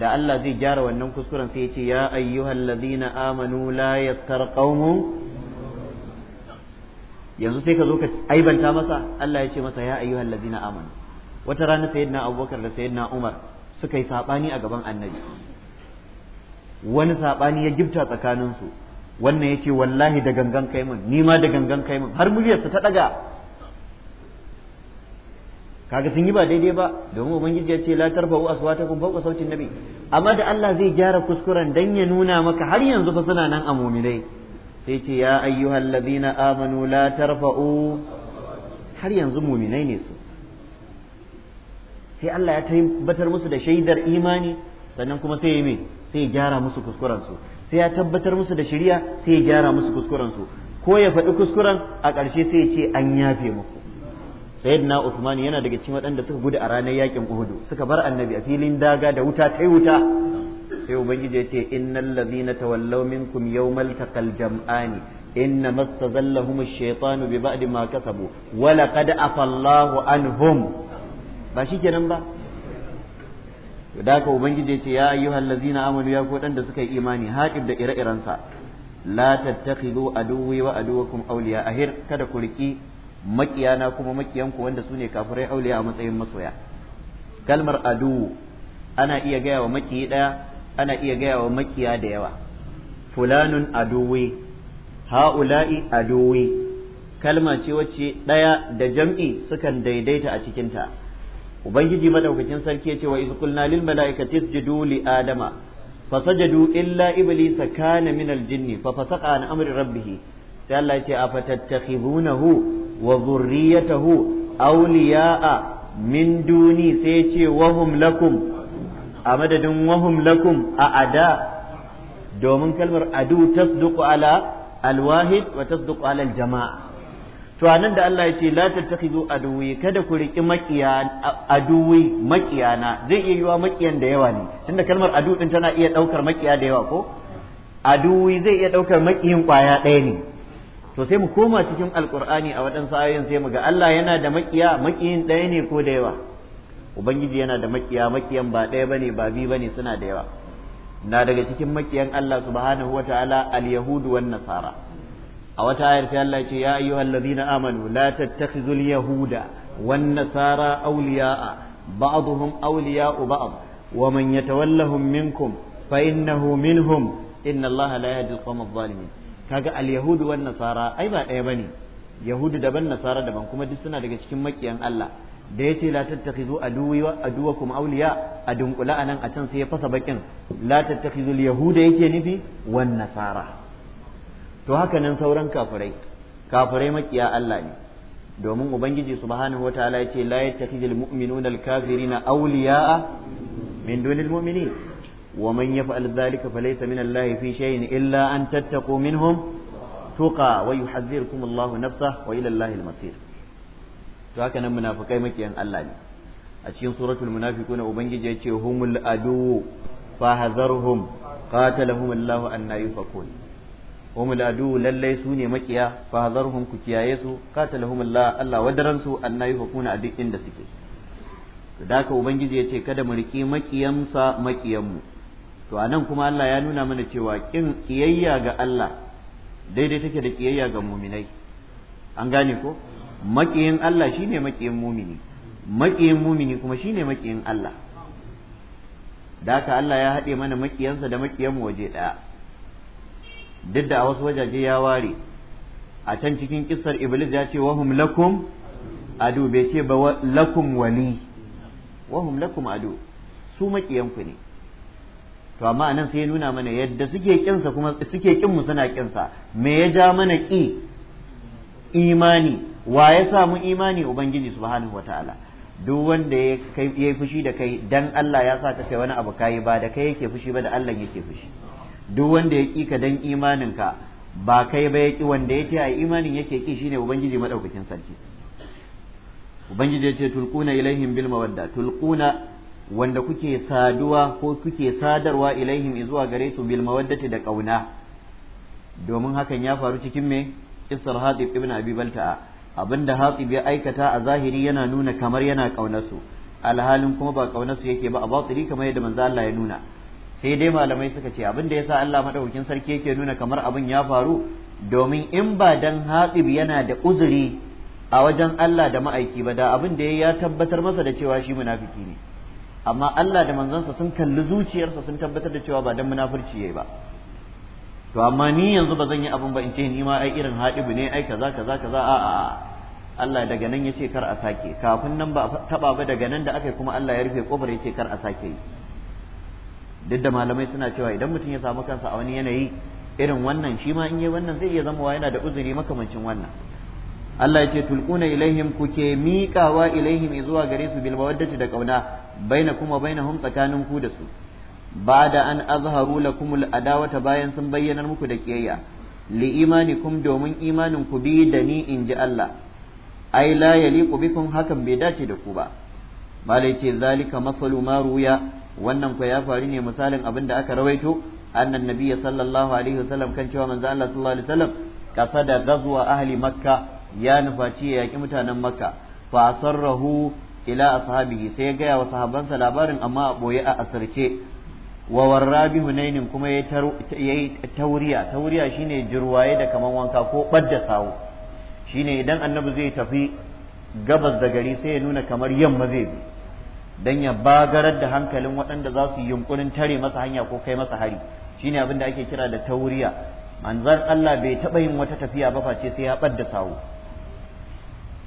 da Allah zai gyara wannan kuskuren sai ya ce ya ayyuhal ladina amanu la yastar qaumun yanzu sai ka zo ka aibanta masa Allah ya ce masa ya ayyuha allazina amanu wata rana sayyidina Abubakar da sayyidina Umar suka yi sabani a gaban Annabi wani sabani ya gifta tsakanin su wannan yace wallahi da gangan kai mun ni ma da gangan kai mun har muryar su ta daga kaga sun yi ba daidai ba domin ubangiji ya ce la tarfa'u aswatakum fawqa sautin nabi amma da Allah zai gyara kuskuren dan ya nuna maka har yanzu fa suna nan a mu'minai sai ce ya ayyuhal ladina amanu la tarfa'u har yanzu muminai ne su sai Allah ya tabbatar musu da shaidar imani sannan kuma sai ya me sai ya gyara musu kuskurensu sai ya tabbatar musu da shari'a sai ya gyara musu kuskuren ko ya faɗi kuskuren a ƙarshe sai ya ce an yafe muku sayyidina Uthman yana daga cikin waɗanda suka gudu a ranar yakin Uhud suka bar annabi a filin daga da wuta tai wuta sai ubangiji ya ce innal ladhina tawallaw minkum yawmal taqal jam'ani inna mastazallahum ash-shaytanu bi ba'di ma kasabu wa laqad afallahu anhum ba shikenan ba to da haka ubangiji ya ce ya ayyuhal ladhina amanu ya ku da suka yi imani haƙib da ire-irensa la tattakhidu aduwwi wa aduwakum awliya ahir kada ku riki makiyana kuma makiyanku wanda su ne kafirai auliya a matsayin masoya kalmar adu ana iya gaya wa makiyi ɗaya ana iya gaya wa makiya da yawa fulanun aduwi ha'ula'i aduwi kalma ce wacce ɗaya da jam'i sukan daidaita a cikinta ubangiji madaukakin sarki ya ce wa iz qulna lil mala'ikati isjudu li adama fasajadu illa iblisa kana min al fa fasaqa an amri rabbih sai Allah ya ce afatattakhibunahu wa dhurriyyatahu awliya'a min duni sai ce wahum lakum a madadin wahum lakum a ada domin kalmar adu tasduqu ala alwahid wa tasduqu ala aljama'a to anan da Allah ya ce la tattakhidu aduwi kada ku riki makiya aduwi makiyana zai iya yiwa makiyan da yawa ne tunda kalmar adu din tana iya daukar makiya da yawa ko aduwi zai iya daukar makiyin kwaya ɗaya ne to sai mu koma cikin alqur'ani a waɗansu ayoyin sai mu ga Allah yana da makiya makiyin ɗaya ne ko da yawa ubangiji yana da makiya makiyan ba ɗaya bane ba biyu bane suna da yawa na daga cikin makiyan Allah subhanahu wataala al-yahudu wan nasara a wata ayar sai Allah ce ya ayyuhal ladina amanu la tattakhizul yahuda wan nasara awliya'a ba'dhum awliya'u ba'd wa man yatawallahum minkum fa innahu minhum inna Allah la yahdi al-qawma adh-dhalimin kaga al-yahudu wan nasara ai ba ɗaya bane yahudu daban nasara daban kuma duk suna daga cikin makiyan Allah da ce la tattakhizu aduwi wa aduwakum awliya a dunkula nan a can sai ya fasa bakin la tattakhizu yahuda yake nufi wan nasara to haka nan sauran kafirai kafirai makiya Allah ne domin ubangiji subhanahu wataala yace la yattakhizul mu'minuna al-kafirina awliya'a min dunil mu'minin wa man yaf'al dhalika falaysa min Allah fi shay'in illa an tattaqu minhum tuqa wa yuhadhdhirukum Allah nafsahu wa ila Allah masir to haka nan munafikai makiyan Allah ne a cikin suratul munafiquna ubangiji ya ce humul adu hazarhum qatalahum Allahu anna yufakun humul adu lallai su ne makiya hazarhum ku kiyaye su qatalahum Allah Allah wadaran su anna yufakuna a duk inda suke to haka ubangiji ya ce kada mu riki makiyansa makiyanmu to anan kuma Allah ya nuna mana cewa kin kiyayya ga Allah daidai take da kiyayya ga muminai an gane ko maƙiyin Allah shi ne maƙiyin mumini maƙiyin mumini kuma shi ne maƙiyin Allah da haka Allah ya haɗe mana maƙiyansa da maƙiyanmu waje ɗaya duk da a wasu wajaje ya ware a can cikin kissar iblis ya ce wahum lakum adu bai ce ba lakum wali wahum lakum adu su maƙiyanku ne to amma nan sai ya nuna mana yadda suke kinsa kuma suke kinmu mu suna kinsa me ya ja mana ki imani wa ya sa samu imani ubangiji subhanahu wataala duk wanda ya yi fushi da kai dan Allah ya sa ka kai wani abu kayi ba da kai yake fushi ba da Allah yake fushi duk wanda ya ka dan imanin ka ba kai ba ya ki wanda ya ce a imanin yake ki shine ubangiji madaukakin sarki ubangiji ya ce tulquna ilaihim bil mawadda tulquna wanda kuke saduwa ko kuke sadarwa ilaihim zuwa gare su bil mawaddati da kauna domin hakan ya faru cikin me isra hatib ibn abi balta'a abinda hatib ya aikata a zahiri yana nuna kamar yana kaunarsu alhalin kuma ba kaunarsu yake ba a batili kamar yadda manzo Allah ya nuna sai dai malamai suka ce abinda yasa Allah madaukakin sarki yake nuna kamar abin ya faru domin in ba dan hatib yana da uzuri a wajen Allah da ma'aiki ba da abin da ya tabbatar masa da cewa shi munafiki ne amma Allah da manzansa sun kalli zuciyarsa sun tabbatar da cewa ba dan munafurci yayi ba to amma ni yanzu ba zan yi abin ba in ce ni ma ai irin haɗibu ne ai kaza kaza kaza a Allah daga nan ya ce kar a sake kafin nan ba taba ba daga nan da aka kuma Allah ya rufe kofar ya ce kar a sake duk da malamai suna cewa idan mutum ya samu kansa a wani yanayi irin wannan shi ma in yi wannan zai iya zama yana da uzuri makamancin wannan Allah ya ce tulquna ilaihim kuke miƙawa ilaihim zuwa gare su bil mawaddati da kauna baina kuma bainahum tsakanin ku da su ba da an azharu lakumul adawata bayan sun bayyana muku da kiyayya li kum domin imanin ku bi da ni in ji Allah ai la yaliqu bikum hakan bai dace da ku ba malai ce zalika masalu ma ruya wannan ko ya faru ne misalin abin da aka rawaito annan nabiyyi sallallahu alaihi wasallam kan cewa manzo Allah sallallahu alaihi wasallam kasada gazwa ahli makka ya nufaci ya yaki mutanen makka fa sarrahu ila ashabihi sai ya gaya wa sahabansa labarin amma a boye a asirce wa warrabi hunainin kuma yayi tauriya tauriya shine jirwaye da kaman wanka ko badda sawo shine idan annabi zai tafi gabas da gari sai ya nuna kamar yamma zai bi dan ya bagarar da hankalin waɗanda za su yi yunkurin tare masa hanya ko kai masa hari shine abin da ake kira da tauriya manzan Allah bai taɓa yin wata tafiya ba face sai ya ɓadda sawu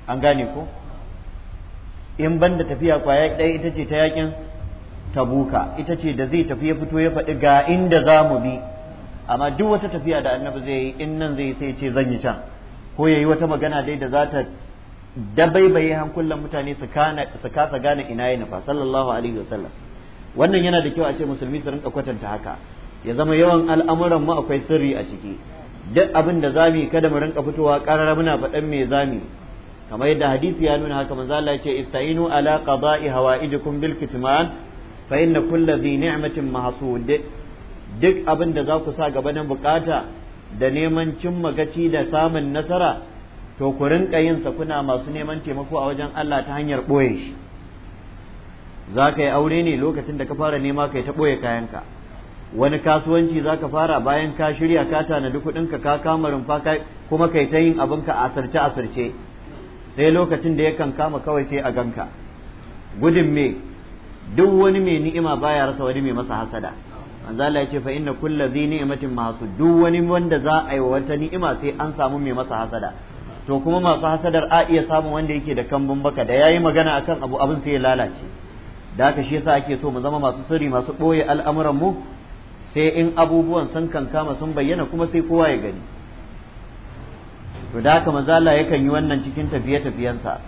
an gane ko in banda tafiya kwaya ɗaya ita ce ta yakin tabuka ita ce da zai tafi ya fito ya faɗi ga inda za mu bi amma duk wata tafiya da annabi zai yi in nan zai sai ce zan yi can ko ya yi wata magana dai da za ta dabaibaye hankulan mutane su kasa gane ina ya nufa sallallahu alaihi wasallam wannan yana da kyau a ce musulmi su rinka kwatanta haka ya zama yawan al'amuran mu akwai sirri a ciki duk abin da zami kada mu rinka fitowa karar muna faɗan me zami kamar yadda hadisi ya nuna haka manzo Allah ya ce istainu ala qada'i hawaijikum bil kitman fa inna kulli dhi ni'matin mahsud duk abin da za ku sa gaba na bukata da neman cimma gaci da samun nasara to ku rinka yin sa kuna masu neman taimako a wajen Allah ta hanyar ɓoye shi za ka yi aure ne lokacin da ka fara nema kai yi ta ɓoye kayanka wani kasuwanci za ka fara bayan ka shirya ka tanadi kuɗinka ka kama rumfa kuma kai ta yin abinka a asirce asirce sai lokacin da yakan kama kawai sai a ganka gudun me duk wani mai ni'ima baya rasa wani mai masa hasada manzala ya ce fa inna kulla zi ni'matin masu duk wani wanda za a yi wata ni'ima sai an samu mai masa hasada to kuma masu hasadar a iya samun wanda yake da kambun baka da yayi magana akan abu abin sai ya lalace da haka shi yasa ake so mu zama masu sirri masu boye al'amuran mu sai in abubuwan sun kankama sun bayyana kuma sai kowa ya gani to da haka manzala yakan yi wannan cikin tafiye-tafiyensa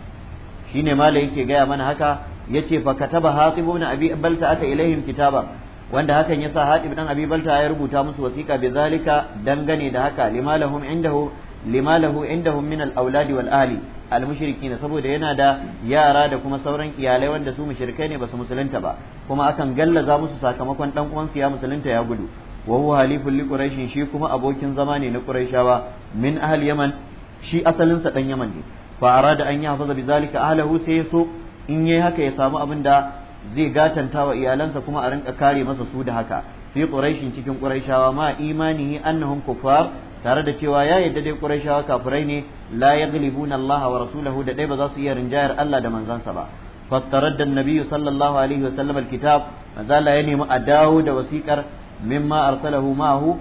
shine mala yake gaya mana haka yace fa kataba hatibuna abi balta ata ilaihim kitaba wanda hakan yasa Hatib dan Abi Balta ya rubuta musu wasiƙa bi zalika dangane da haka limalahum indahu limalahu indahum min al-aulad wal ahli al mushrikin saboda yana da yara da kuma sauran iyalai wanda su mushrikai ne basu musulunta ba kuma akan gallaza musu sakamakon dan uwansu ya musulunta ya gudu wa huwa halifun li quraish shi kuma abokin zama ne na quraishawa min ahli yaman shi asalin sa dan yaman ne fa arada an yahfaza bi zalika ahlahu sai so in yayi haka ya samu abin da zai gatanta wa iyalansa kuma a rinka kare masa su da haka fi ƙurashin cikin ƙurashawa ma imanihi annahum kuffar tare da cewa ya yadda dai ƙurashawa kafirai ne la yaghlibuna Allah wa rasulahu da dai ba za su iya rinjayar Allah da manzansa ba fastaradda an-nabiy sallallahu alaihi wa sallam mazala ya nemi a dawo da wasikar mimma arsalahu ma'ahu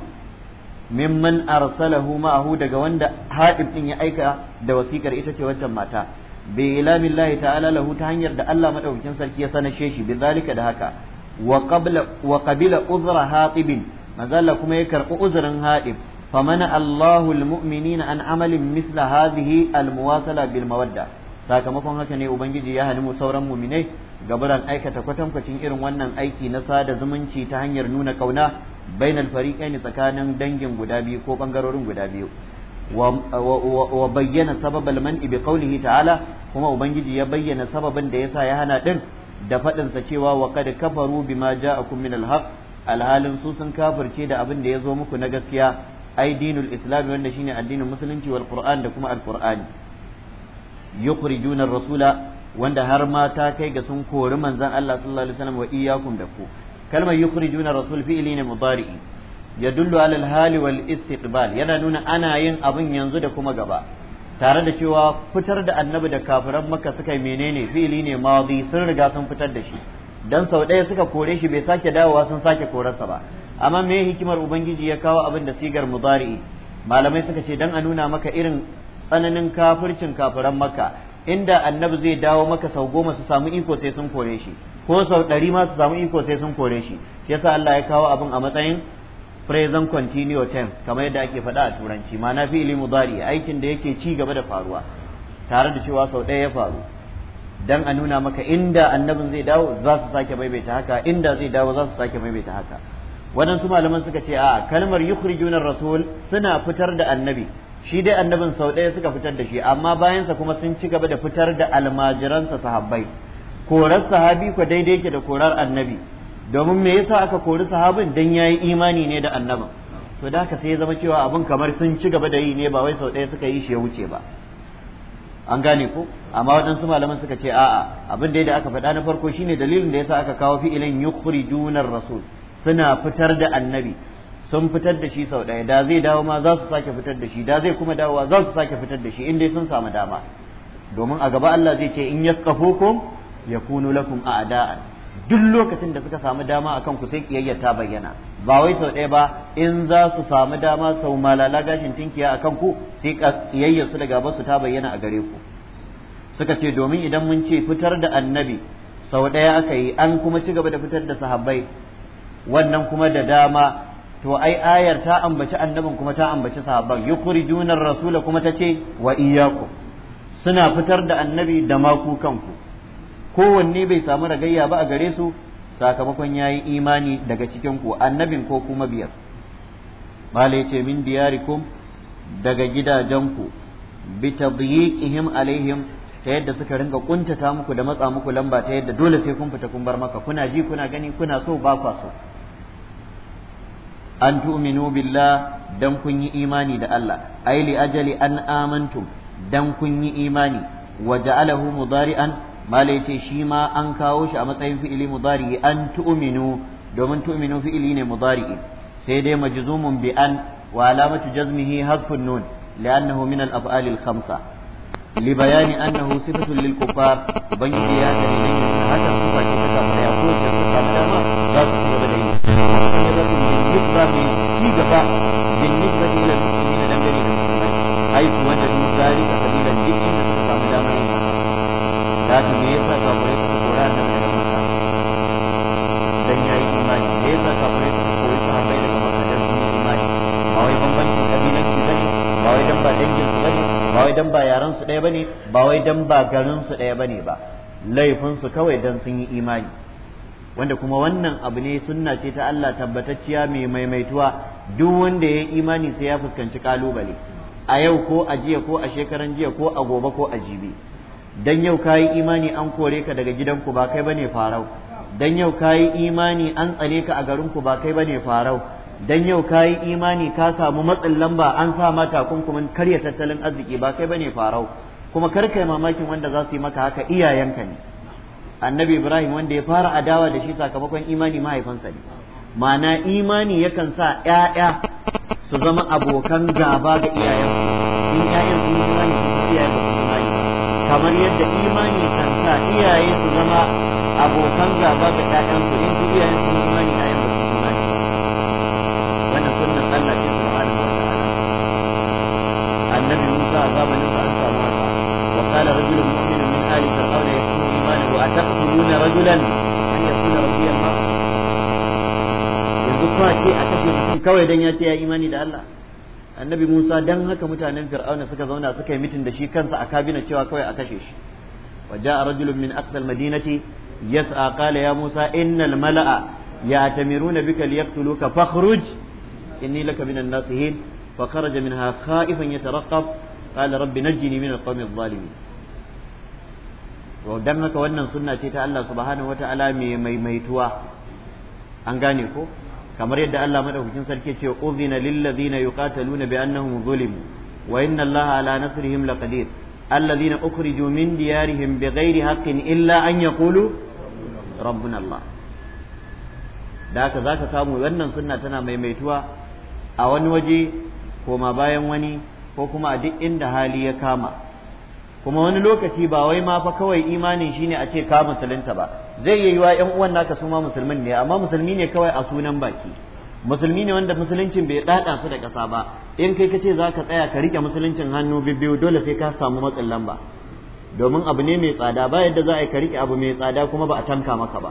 mimman arsalahu ma'ahu daga wanda haɗin ɗin ya aika da wasikar ita ce wancan mata bi ilamillahi ta'ala lahu ta hanyar da Allah madaukakin sarki ya sanashe shi bi zalika da haka wa qabla wa qabila uzra hatibin mazalla kuma ya karbi uzrin hatib famana Allahu almu'minina an amalin misla hadhihi almuwasala bil mawadda sakamakon haka ne ubangiji ya mu sauran mu'minai gabaran aikata kwatankwacin irin wannan aiki na sada zumunci ta hanyar nuna kauna bainal fariqaini tsakanin dangin guda biyu ko bangarorin guda biyu wa bayyana sababal man'i bi ta'ala kuma ubangiji ya bayyana sababin da ya sa ya hana din da faɗinsa cewa wa kad kafaru bima ja'akum min al-haq alhalin su sun kafirce da abin da ya zo muku na gaskiya ai dinul islam wanda shine addinin musulunci wal qur'an da kuma al-qur'ani yukhrijuna rasula wanda har ma ta kai ga sun kori manzon Allah sallallahu alaihi wasallam wa iyyakum da ku kalmar yukhrijuna rasul fi'li ne mudari'i Ya dullu alal hali wal istiqbal yana nuna ana yin abin yanzu da kuma gaba tare da cewa fitar da annabi da kafiran makka suka menene fili ne madi sun riga sun fitar da shi dan sau ɗaya suka kore shi bai sake dawowa sun sake korarsa ba amma me hikimar ubangiji ya kawo abin da sigar mudari malamai suka ce dan a nuna maka irin tsananin kafircin kafiran makka inda annabi zai dawo maka sau goma su samu iko sai sun kore shi ko sau ɗari ma su samu iko sai sun kore shi shi yasa Allah ya kawo abin a matsayin present continuous tense kamar yadda ake faɗa a turanci ma'ana fi'ili mudari aikin da yake ci gaba da faruwa tare da cewa sau ɗaya ya faru dan a nuna maka inda annabin zai dawo za su sake maimaita haka inda zai dawo za su sake maimaita haka waɗansu malaman suka ce a kalmar yukhrijuna rasul suna fitar da annabi shi dai annabin sau ɗaya suka fitar da shi amma bayansa kuma sun ci gaba da fitar da almajiransa sahabbai korar sahabi ko daidai yake da korar annabi domin me yasa aka kori sahabin dan yayi imani ne da annabin to da haka sai ya zama cewa abin kamar sun ci gaba da yi ne ba wai sau ɗaya suka yi shi ya wuce ba an gane ko amma waɗansu malaman suka ce a'a abin da da aka faɗa na farko shine dalilin da yasa aka kawo fi'ilin yukhrijuna rasul suna fitar da annabi sun fitar da shi sau ɗaya da zai dawo ma za su sake fitar da shi da zai kuma dawowa za su sake fitar da shi in dai sun samu dama domin a gaba Allah zai ce in yaskafukum yakunu lakum a'da'an duk lokacin da suka samu dama a ku sai kiyayyar ta bayyana ba wai sau ɗaya ba in za su samu dama sau malala gashin tinkiya a ku sai kiyayyar su daga basu ta bayyana a gare ku suka ce domin idan mun ce fitar da annabi sau ɗaya aka yi an kuma ci gaba da fitar da sahabbai wannan kuma da dama to ai ayar ta ambaci annabin kuma ta ambaci sahabban yukhrijuna rasula kuma ta ce wa iyyakum suna fitar da annabi da ma ku kanku kowanne bai samu ragayya ba a gare su sakamakon ya yi imani daga cikin ku annabin ko kuma biyar mala yace min diyarikum daga gidajenku bi tadyiqihim alaihim ta yadda suka ringa kuntata muku da matsa muku lamba ta yadda dole sai kun fita kun bar maka kuna ji kuna gani kuna so ba kwa so an tu'minu billah dan kun yi imani da Allah ai li ajali an amantum dan kun yi imani wa ja'alahu mudari'an malai ce shi ma an kawo shi a matsayin fi'ili mudari'i an tu'minu domin tu'minu fi'ili ne mudari'i sai dai majzumun bi an wa alamatu jazmihi hasfun nun li'annahu min al-af'al al-khamsa li bayani annahu sifatun lil kuffar ubangiji ya da haka kuma ce ta kafa ya ko ta kafa da ma za su ci gaba da yi بالنسبة للمسلمين دنجري أي za ta me yasa kafirai suka kora da daga maka dan yi imani me yasa kafirai suka kori sahabbai daga maka dan sun imani ba wai bambancin kabilanci bane ba wai dan ba dangin su bane ba wai dan ba yaran su ɗaya bane ba wai dan ba garin su ɗaya bane ba laifin su kawai dan sun yi imani wanda kuma wannan abu ne sunna ce ta Allah tabbatacciya mai maimaituwa duk wanda ya yi imani sai ya fuskanci kalubale a yau ko a jiya ko a shekaran jiya ko a gobe ko a jibi dan yau kayi imani an kore ka daga gidanku ba kai bane farau dan yau kayi imani an tsare ka a garinku ba kai bane farau dan yau kayi imani ka samu matsin lamba an sa ma takunkumin karya tattalin arziki ba kai bane farau kuma kar kai mamakin wanda za su yi maka haka iyayenka ne annabi ibrahim wanda ya fara adawa da shi sakamakon imani mahaifinsa ne ma'ana imani yakan sa ƴaƴa su zama abokan gaba ga iyayen in ƴaƴan sun imani su iyayen kamar yadda imani kan sa iyaye su zama abokan gaba ga su in su iyayen sun imani ƴaƴan ba su imani wannan sunan Allah ce subhanahu wa ta'ala annabi Musa a zamanin sa an samu haka wa qala rajulun mu'minin min ali fir'auna yakunu imanahu ataqtuluna rajulan an yakuna rabbiyan ma yanzu kuma ce a kashe mutum kawai dan ya ce ya imani da Allah annabi Musa dan haka mutanen Fir'auna suka zauna suka yi mitin da shi kansa a kabina cewa kawai a kashe shi wa ja'a rajulun min aqsa madinati yas'a qala ya Musa innal mala'a ya'tamiruna bika liyaqtuluka fakhruj inni laka minan nasihin fa kharaja minha khaifan yatarqab qala rabbi najjini min al-qawmi adh-dhalimin dan haka wannan sunna ce ta Allah subhanahu wata'ala mai maimaituwa an gane ko Amar yadda Allah madaukakin sarki ce uzina lil ladina yuqataluna bi annahum zulimu wa inna Allah ala nasrihim laqadir alladhina ukhriju min diyarihim bighairi haqqin illa an yaqulu rabbuna Allah da haka zaka samu wannan sunna tana maimaituwa a wani waje koma bayan wani ko kuma a duk inda hali ya kama kuma wani lokaci ba wai ma fa kawai imanin shine a ce ka musulunta ba zai yi wa ƴan uwan naka su ma musulmin ne amma musulmi ne kawai a sunan baki musulmi ne wanda musuluncin bai dada su da ƙasa ba in kai kace za ka tsaya ka rike musuluncin hannu bibbiyu dole sai ka samu matsin lamba domin abu ne mai tsada ba yadda za a yi ka rike abu mai tsada kuma ba a tanka maka ba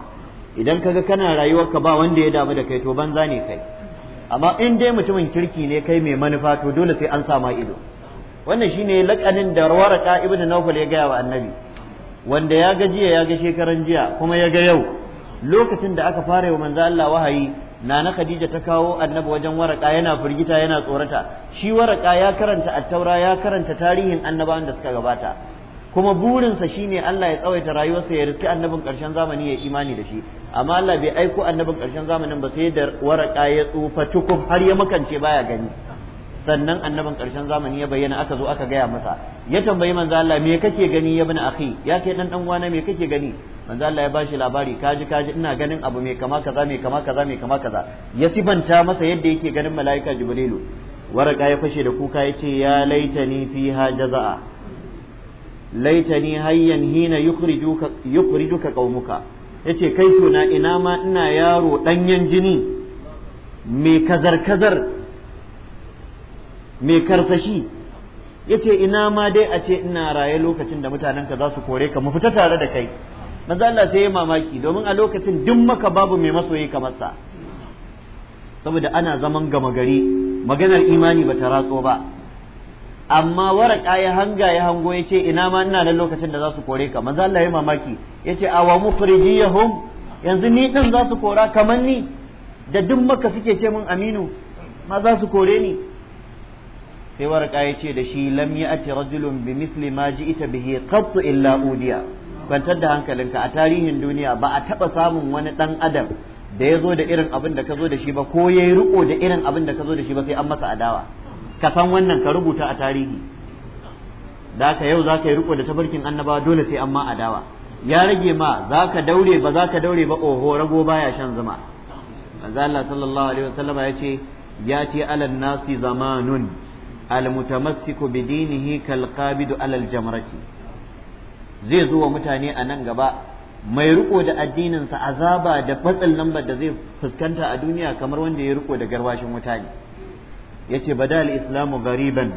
idan ka ga kana rayuwar ka ba wanda ya damu da kai to banza ne kai amma in dai mutumin kirki ne kai mai manufa to dole sai an sa ma ido wannan shine lakanin da waraka ibnu nawfal ya gaya wa annabi wanda ya ga jiya ya ga shekaran jiya kuma ya ga yau lokacin da aka fara yi wa manzo Allah wahayi nana Khadija ta kawo annabi wajen waraka yana firgita yana tsorata shi waraka ya karanta attaura ya karanta tarihin annabawan da suka gabata kuma burinsa shine Allah ya tsawaita rayuwarsa ya riski annabin ƙarshen zamani ya imani da shi amma Allah bai aiko annabin karshen zamanin ba sai da waraka ya tsufa tukuf har ya makance baya gani sannan annabin ƙarshen zamani ya bayyana aka zo aka gaya masa ya tambayi manzo Allah me kake gani ya bani akhi ya kai dan dan me kake gani manzo Allah ya bashi labari kaji kaji ina ganin abu me kama kaza me kama kaza me kama kaza ya sibanta masa yadda yake ganin mala'ika jibrilu waraka ya fashe da kuka yace ya laitani fiha jaza'a laitani hayyan hina yukhrijuka yukhrijuka qaumuka yace kai to na ina ma ina yaro danyen jini me kazar kazar mai karsashi ce ina ma dai a ce ina raye lokacin da mutanenka ka za su kore ka mu fita tare da kai manzo Allah sai ya mamaki domin a lokacin duk maka babu mai masoyi kamar sa saboda ana zaman gama gari maganar imani bata ratso ba amma waraka ya hanga ya hango ya ce ina ma ina da lokacin da za su kore ka manzo Allah ya mamaki ya ce awa mukhrijiyahum yanzu ni din za su kora kamar ni da duk maka suke ce min aminu ma za su kore ni sai warka ya ce da shi lam ya'ti rajulun bi misli ma ji'ita bihi qat illa udiya kwantar da hankalinka a tarihin duniya ba a taba samun wani dan adam da ya zo da irin abin da ka zo da shi ba ko ya yi riko da irin abin da ka zo da shi ba sai an masa adawa ka san wannan ka rubuta a tarihi da ka yau za ka yi riko da tabarkin Annaba dole sai an ma adawa ya rage ma za daure ba za ka daure ba oho rago baya shan zuma manzo Allah sallallahu alaihi wasallama ya ce ya ce alan nasi zamanun almutamassiku bidinihi kalqabidu alal jamrati zai zo wa mutane a nan gaba mai riko da addininsa azaba da fatsil lambar da zai fuskanta a duniya kamar wanda ya riko da garwashin mutane yace badal islamu gariban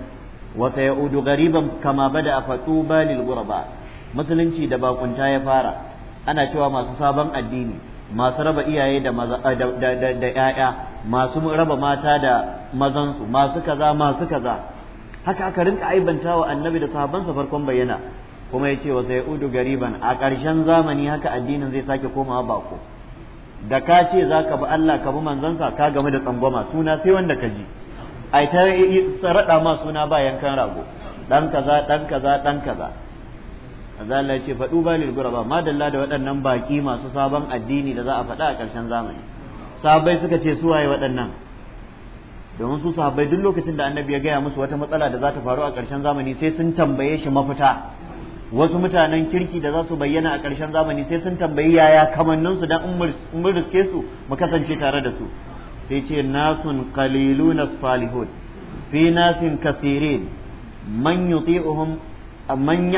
wa sayaudu gariban kama bada fatuba lil ghuraba musulunci da bakunta ya fara ana cewa masu sabon addini masu raba iyaye eh, da da ‘ya'ya masu raba mata da mazansu masu kaza masu kaza haka aka rinka aibanta wa annabi da sa farkon bayyana kuma ya ce wa sai udu gariban a ƙarshen zamani haka addinin zai sake komawa bako da ka ce za ka bi Allah ka bi manzansa ka game da tsangwama suna sai wanda ka ji ai ta raɗa ma suna ba yankan rago ɗan kaza ɗan kaza ɗan kaza kaza Allah ce faɗu ba lil ba madalla da waɗannan baki masu sabon addini da za a faɗa a ƙarshen zamani sahabbai suka ce su waye waɗannan domin su sahabbai duk lokacin da annabi ya gaya musu wata matsala da za ta faru a ƙarshen zamani sai sun tambaye shi mafita wasu mutanen kirki da za su bayyana a ƙarshen zamani sai sun tambayi yaya kamanninsu dan in mun riske su mu kasance tare da su sai ce nasun qalilun salihun fi nasin kasirin man yuti'uhum amman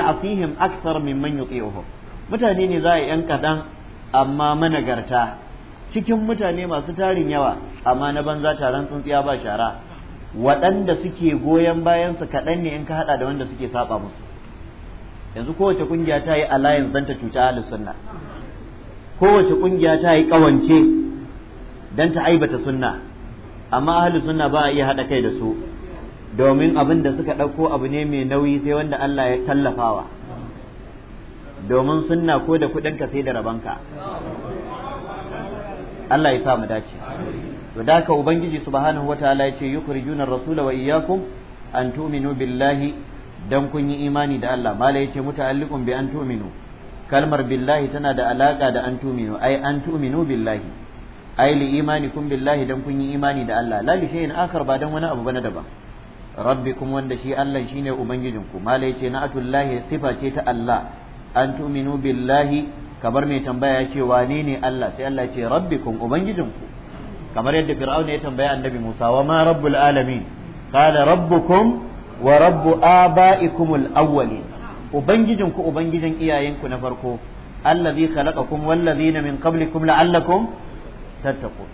aksar min man yuqihu mutane ne za a yan kadan amma managarta cikin mutane masu tarin yawa amma na banza taron tsuntsiya ba shara waɗanda suke goyon bayan su kaɗan ne in ka haɗa da wanda suke saba musu yanzu kowace kungiya ta yi alliance don ta cuta ahlus sunna kowace kungiya ta yi kawance don ta aibata sunna amma ahlus sunna ba a iya haɗa kai da su domin abin da suka ɗauko abu ne mai nauyi sai wanda Allah ya tallafawa domin sunna ko da kuɗinka sai da rabanka Allah ya sa mu dace to da haka ubangiji subhanahu wataala ya ce yukrijuna rasula wa iyyakum an tu'minu billahi dan kun yi imani da Allah mala yace muta'alliqun bi an tu'minu kalmar billahi tana da alaka da an tu'minu ai an tu'minu billahi ai li kun billahi dan kun yi imani da Allah la li shay'in akhar ba dan wani abu bane daban rabbikum wanda shi Allah shine ubangijinku malai ce na'atullahi sifa ce ta Allah an tu'minu billahi kamar mai tambaya ce wane ne Allah sai Allah ce rabbikum ubangijinku kamar yadda fir'auna ya tambaya annabi Musa wa ma rabbul alamin qala rabbukum wa rabbu abaikumul awwalin ubangijinku ubangijin iyayenku na farko allazi khalaqakum wallazina min qablikum la'allakum tattaqun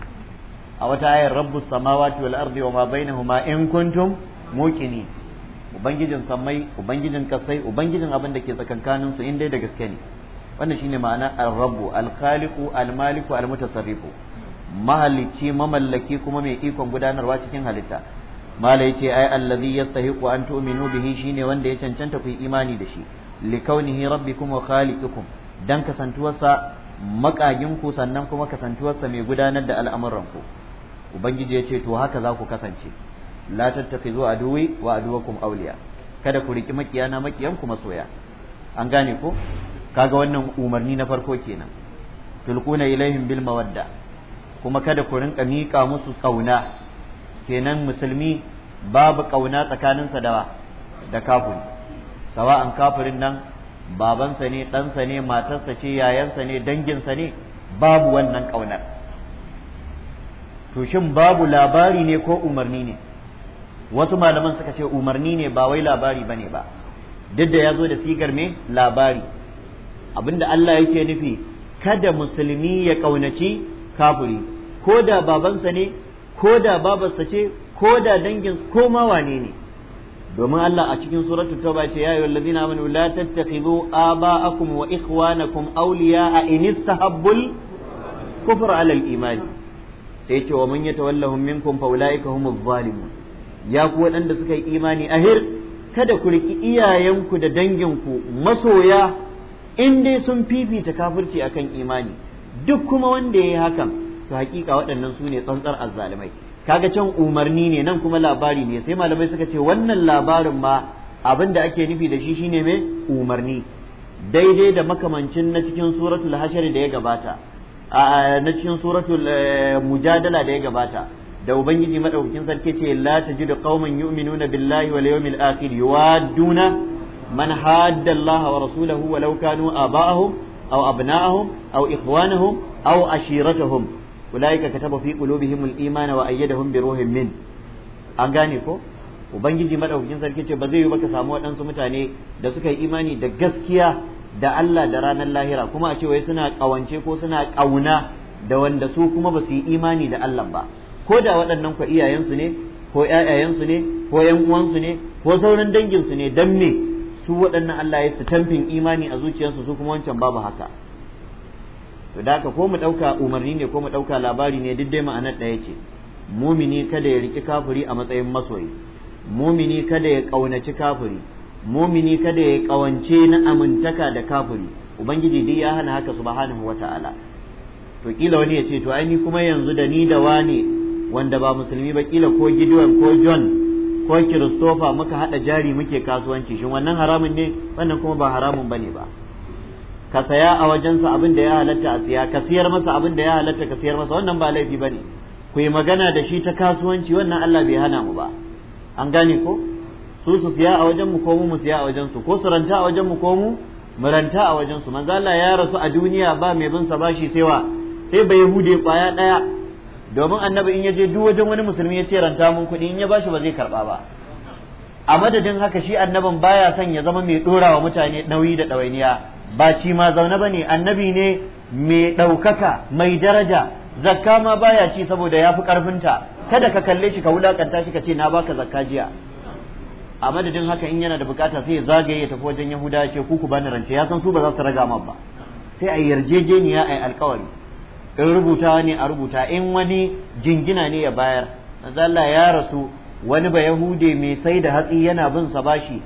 a wata ayar rabbus samawati wal ardi wa ma bainahuma in kuntum mokini ubangijin sammai ubangijin kasai ubangijin abin da ke tsakankaninsu in dai da gaske ne wannan shine ma'ana ar-rabbu al-khaliqu al-maliku al-mutasarrifu mahalicci mamallaki kuma mai ikon gudanarwa cikin halitta mala yace ai allazi yastahiqu an tu'minu bihi shine wanda ya cancanta ku imani da shi likaunihi rabbikum wa khaliqukum dan kasantuwarsa makagin ku sannan kuma kasantuwarsa mai gudanar da al'amuran ku ubangiji yace to haka za ku kasance la tattakhizu aduwi wa aduwakum awliya kada ku riki makiyana makiyan ku masoya an gane ko kaga wannan umarni na farko kenan tulquna ilaihim bil mawadda kuma kada ku rinka mika musu kauna kenan musulmi babu kauna sa da da sawa an kafirin nan babansa ne sa ne matarsa ce yayansa ne danginsa ne babu wannan ƙaunar to shin babu labari ne ko umarni ne wasu malaman suka ce umarni ne ba wai labari bane ba duk da ya zo da sigar me labari abinda Allah yake nufi kada musulmi ya kaunaci kafuri ko da babansa ne ko da babarsa ce ko da dangin ko ma wane ne domin Allah a cikin suratul tauba ce ya ayu allazina amanu la tattakhidhu aba'akum wa ikhwanakum awliya'a in istahabbul kufra 'ala al-iman sai ce wa man yatawallahum minkum fa ulaika humuz zalimun ya ku waɗanda suka yi imani ahir kada ku riki iyayenku da danginku masoya in dai sun fifita kafirci akan imani duk kuma wanda ya yi hakan to hakika waɗannan su ne tsantsar azzalumai kaga can umarni ne nan kuma labari ne sai malamai suka ce wannan labarin ma abin da ake nufi da shi shine mai umarni daidai da makamancin na cikin suratul hashari da ya gabata na cikin suratul eh, mujadala da ya gabata da ubangiji madaukakin sarki ce la tajidu qauman yu'minuna billahi wal yawmil akhir yuwadduna man hadda Allah wa rasulahu walau kanu aba'ahum aw abna'ahum aw ikhwanahum aw ashiratuhum ulaika kataba fi qulubihim iman wa ayyadahum bi ruhin min an gane ko ubangiji madaukakin sarki ce ba zai yi baka samu mutane da suka yi imani da gaskiya da Allah da ranar lahira kuma a ce wai suna kawance ko suna kauna da wanda su kuma ba su yi imani da Allah ba ko da waɗannan ku iyayensu ne ko ƴaƴayensu ne ko ƴan uwansu ne ko sauran danginsu ne dan me su waɗannan Allah ya su tamfin imani a zuciyarsu su kuma wancan babu haka to da haka ko mu ɗauka umarni ne ko mu ɗauka labari ne duk dai ma'anar ɗaya ce mumini kada ya rike kafiri a matsayin masoyi mumini kada ya ƙaunaci kafiri mumini kada ya ƙawance na amintaka da kafiri ubangiji dai ya hana haka subhanahu wata'ala to kila wani ya ce to ai ni kuma yanzu da ni da wani wanda ba musulmi ba kila ko Gidwan ko john ko kiristofa muka hada jari muke kasuwanci shin wannan haramun ne wannan kuma ba haramun bane ba ka saya a wajensa abin da ya halatta a siya ka siyar masa abin da ya halatta ka siyar masa wannan ba laifi bane ku yi magana da shi ta kasuwanci wannan Allah bai hana mu ba an gane ko su su siya a wajen mu ko mu mu siya a wajen su ko su ranta a wajen mu ko mu mu ranta a wajen su manzo Allah ya rasu a duniya ba mai bin sa bashi sai wa sai bai hude kwaya daya domin annabi in ya je duk wajen wani musulmi ya ce ranta mun kuɗi in ya bashi ba zai karɓa ba a madadin haka shi annabin baya son ya zama mai wa mutane nauyi da ɗawainiya ba ci ma zaune ba ne annabi ne mai ɗaukaka mai daraja zakka ma baya ci saboda ya fi ƙarfinta kada ka kalle shi ka wulaƙanta shi ka ce na baka zakka jiya a madadin haka in yana da bukata sai ya zagaye ya tafi wajen yahuda ya ce ku bani rance ya san su ba za su raga ma ba sai a yarjejeniya a yi alkawari in rubuta ne a rubuta in wani jingina ne ya bayar manzo Allah ya rasu wani ba yahude mai sai da hatsi yana bin sa bashi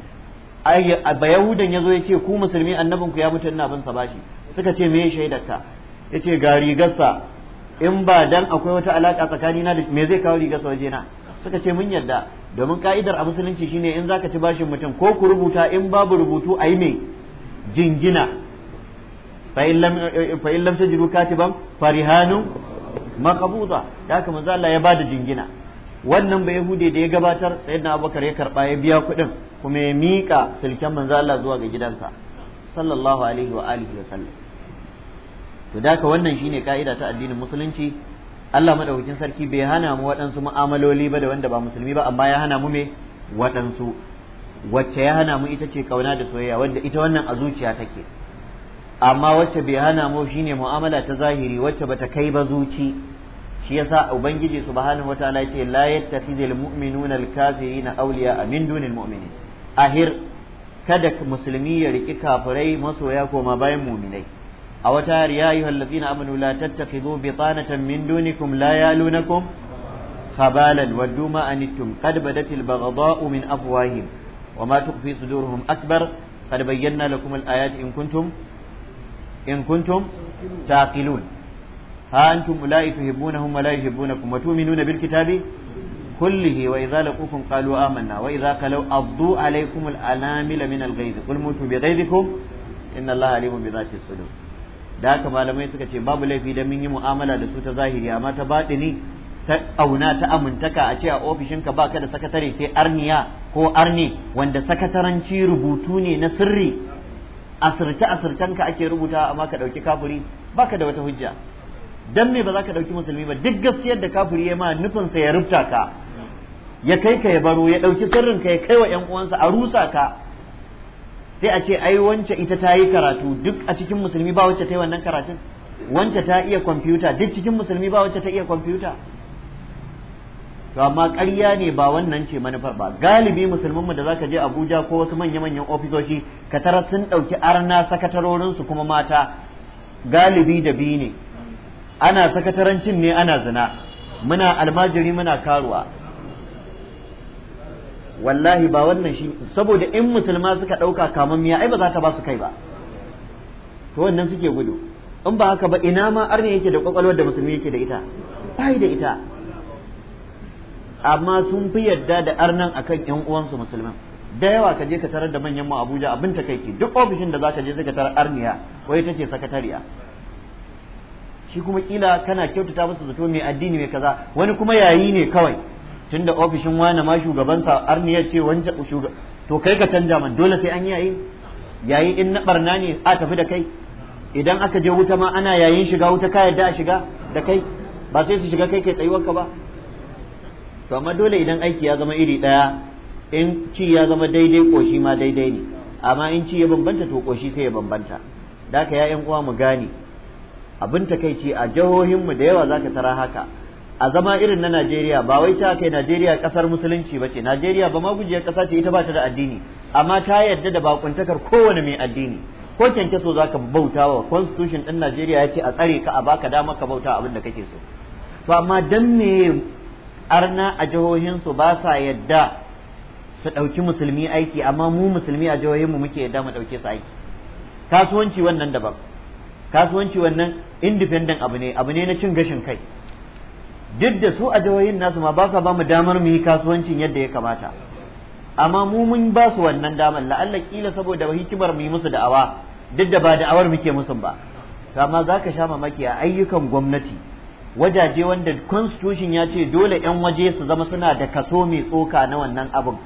ba yahudan yazo yace ku musulmi annabin ku ya mutu ina bin sa bashi suka ce me shaidarka yace ga rigarsa in ba dan akwai wata alaka tsakanina da me zai kawo rigarsa waje na suka ce mun yarda domin ka'idar a musulunci shine in zaka ci bashin mutum ko ku rubuta in babu rubutu ayi me jingina fa'in lam jiru katiban farihanu maqbuda ya kama manzo Allah ya bada jingina wannan ba hude da ya gabatar sai sayyidina abubakar ya karba ya biya kuɗin kuma ya miƙa silken Manzala Allah zuwa ga gidansa sallallahu alaihi wa alihi wa sallam to daka wannan shine ka'ida ta addinin musulunci Allah madaukakin sarki bai hana mu waɗansu ma'amaloli ba da wanda ba musulmi ba amma ya hana mu me waɗansu wacce ya hana mu ita ce kauna da soyayya wanda ita wannan a zuciya take amma wacce bai hana mu shine mu'amala ta zahiri wacce bata kai ba zuci shi yasa ubangiji subhanahu wataala yace la yattakhidhul mu'minuna al-kafirina awliya min dunil mu'minin ahir kada musulmi ya riki kafirai masoya koma bayan mu'minai a wata ya ayyuha allazina amanu la tattakhidhu bitanatan min dunikum la yalunakum khabalan waddu ma anittum qad badatil baghdha'u min afwahihim وما suduruhum akbar أكبر bayyana بينا لكم الآيات in كنتم in kuntum taqilun ha antum ulai tuhibbunahum wa la yuhibbunakum wa tu'minuna bil kitabi kullihi wa idza laqukum qalu amanna wa idza qalu addu alaykum al anamil min al ghayz qul mutu bi ghayzikum inna allaha alimun bi dhati sudur da haka malamai suka ce babu laifi da mun yi mu'amala da su ta zahiri amma ta batini ta auna ta amintaka a ce a ofishinka baka da sakatare sai arniya ko arni wanda sakataranci rubutu ne na sirri asirce asircen ake rubuta amma ka dauki kafiri baka da wata hujja dan me ba za ka dauki musulmi ba duk gaskiyar da kafuri ya ma nufin sa ya rubuta ka ya kai ka ya baro ya ɗauki sirrin ka ya kai wa ƴan uwansa a rusa ka sai a ce ai wance ita ta yi karatu duk a cikin musulmi ba wacce ta yi wannan karatun wance ta iya kwamfuta duk cikin musulmi ba wacce ta iya kwamfuta to amma ƙarya ne ba wannan ce manufar ba galibi musulmanmu da zaka je Abuja ko wasu manya-manyan ofisoshi ka tara sun ɗauki arna sakatarorinsu kuma mata galibi da biyu ne ana sakatarancin ne ana zina muna almajiri muna karuwa wallahi ba wannan shi saboda in musulma suka ɗauka miya, ai ba za ta ba su kai ba to wannan suke gudu in ba haka ba ina ma arne yake da kwakwalwar da musulmi yake da ita bai da ita amma sun fi yadda da arnan akan yan uwansu musulman da yawa ka je ka tarar da manyan mu Abuja abin ke, duk ofishin da zaka je ka tarar arniya wai ta ce sakatariya shi kuma kila kana kyautata musu zato mai addini mai kaza wani kuma yayi ne kawai tunda ofishin wani ma shugabansa arniya ce wancan shugaban to kai ka canja man dole sai an yayi yayi in na barna ne a tafi da kai idan aka je wuta ma ana yayin shiga wuta ka yadda a shiga da kai ba sai su shiga kai kai tsayuwarka ba to amma dole idan aiki ya zama iri daya in ci ya zama daidai koshi ma daidai ne amma in ci ya bambanta to koshi sai ya bambanta da ka ya uwa mu gane abin takaici a jihohinmu da yawa zaka tara haka a zama irin na Najeriya ba wai ta kai Najeriya kasar musulunci ba ce Najeriya ba ma gujiyar kasa ce ita ba ta da addini amma ta yadda da bakuntakar kowane mai addini ko kyankyaso so zaka bauta wa constitution ɗin Najeriya ya ce a tsare ka a baka dama ka bauta abin da kake so to amma dan me arna a jihohinsu ba sa yadda su ɗauki musulmi aiki amma mu musulmi a jihohinmu muke yadda mu ɗauke su aiki kasuwanci wannan daban kasuwanci wannan independent abu ne abu ne na cin gashin kai duk da su a jihohin nasu ma ba sa ba mu damar mu yi kasuwancin yadda ya kamata amma mu mun ba su wannan damar la'alla kila saboda hikimar mu yi musu da'awa duk da ba da'awar muke musu ba kama amma za ka sha mamaki a ayyukan gwamnati wajaje wanda constitution ya ce dole 'yan waje su zama suna da kaso mai tsoka na wannan abin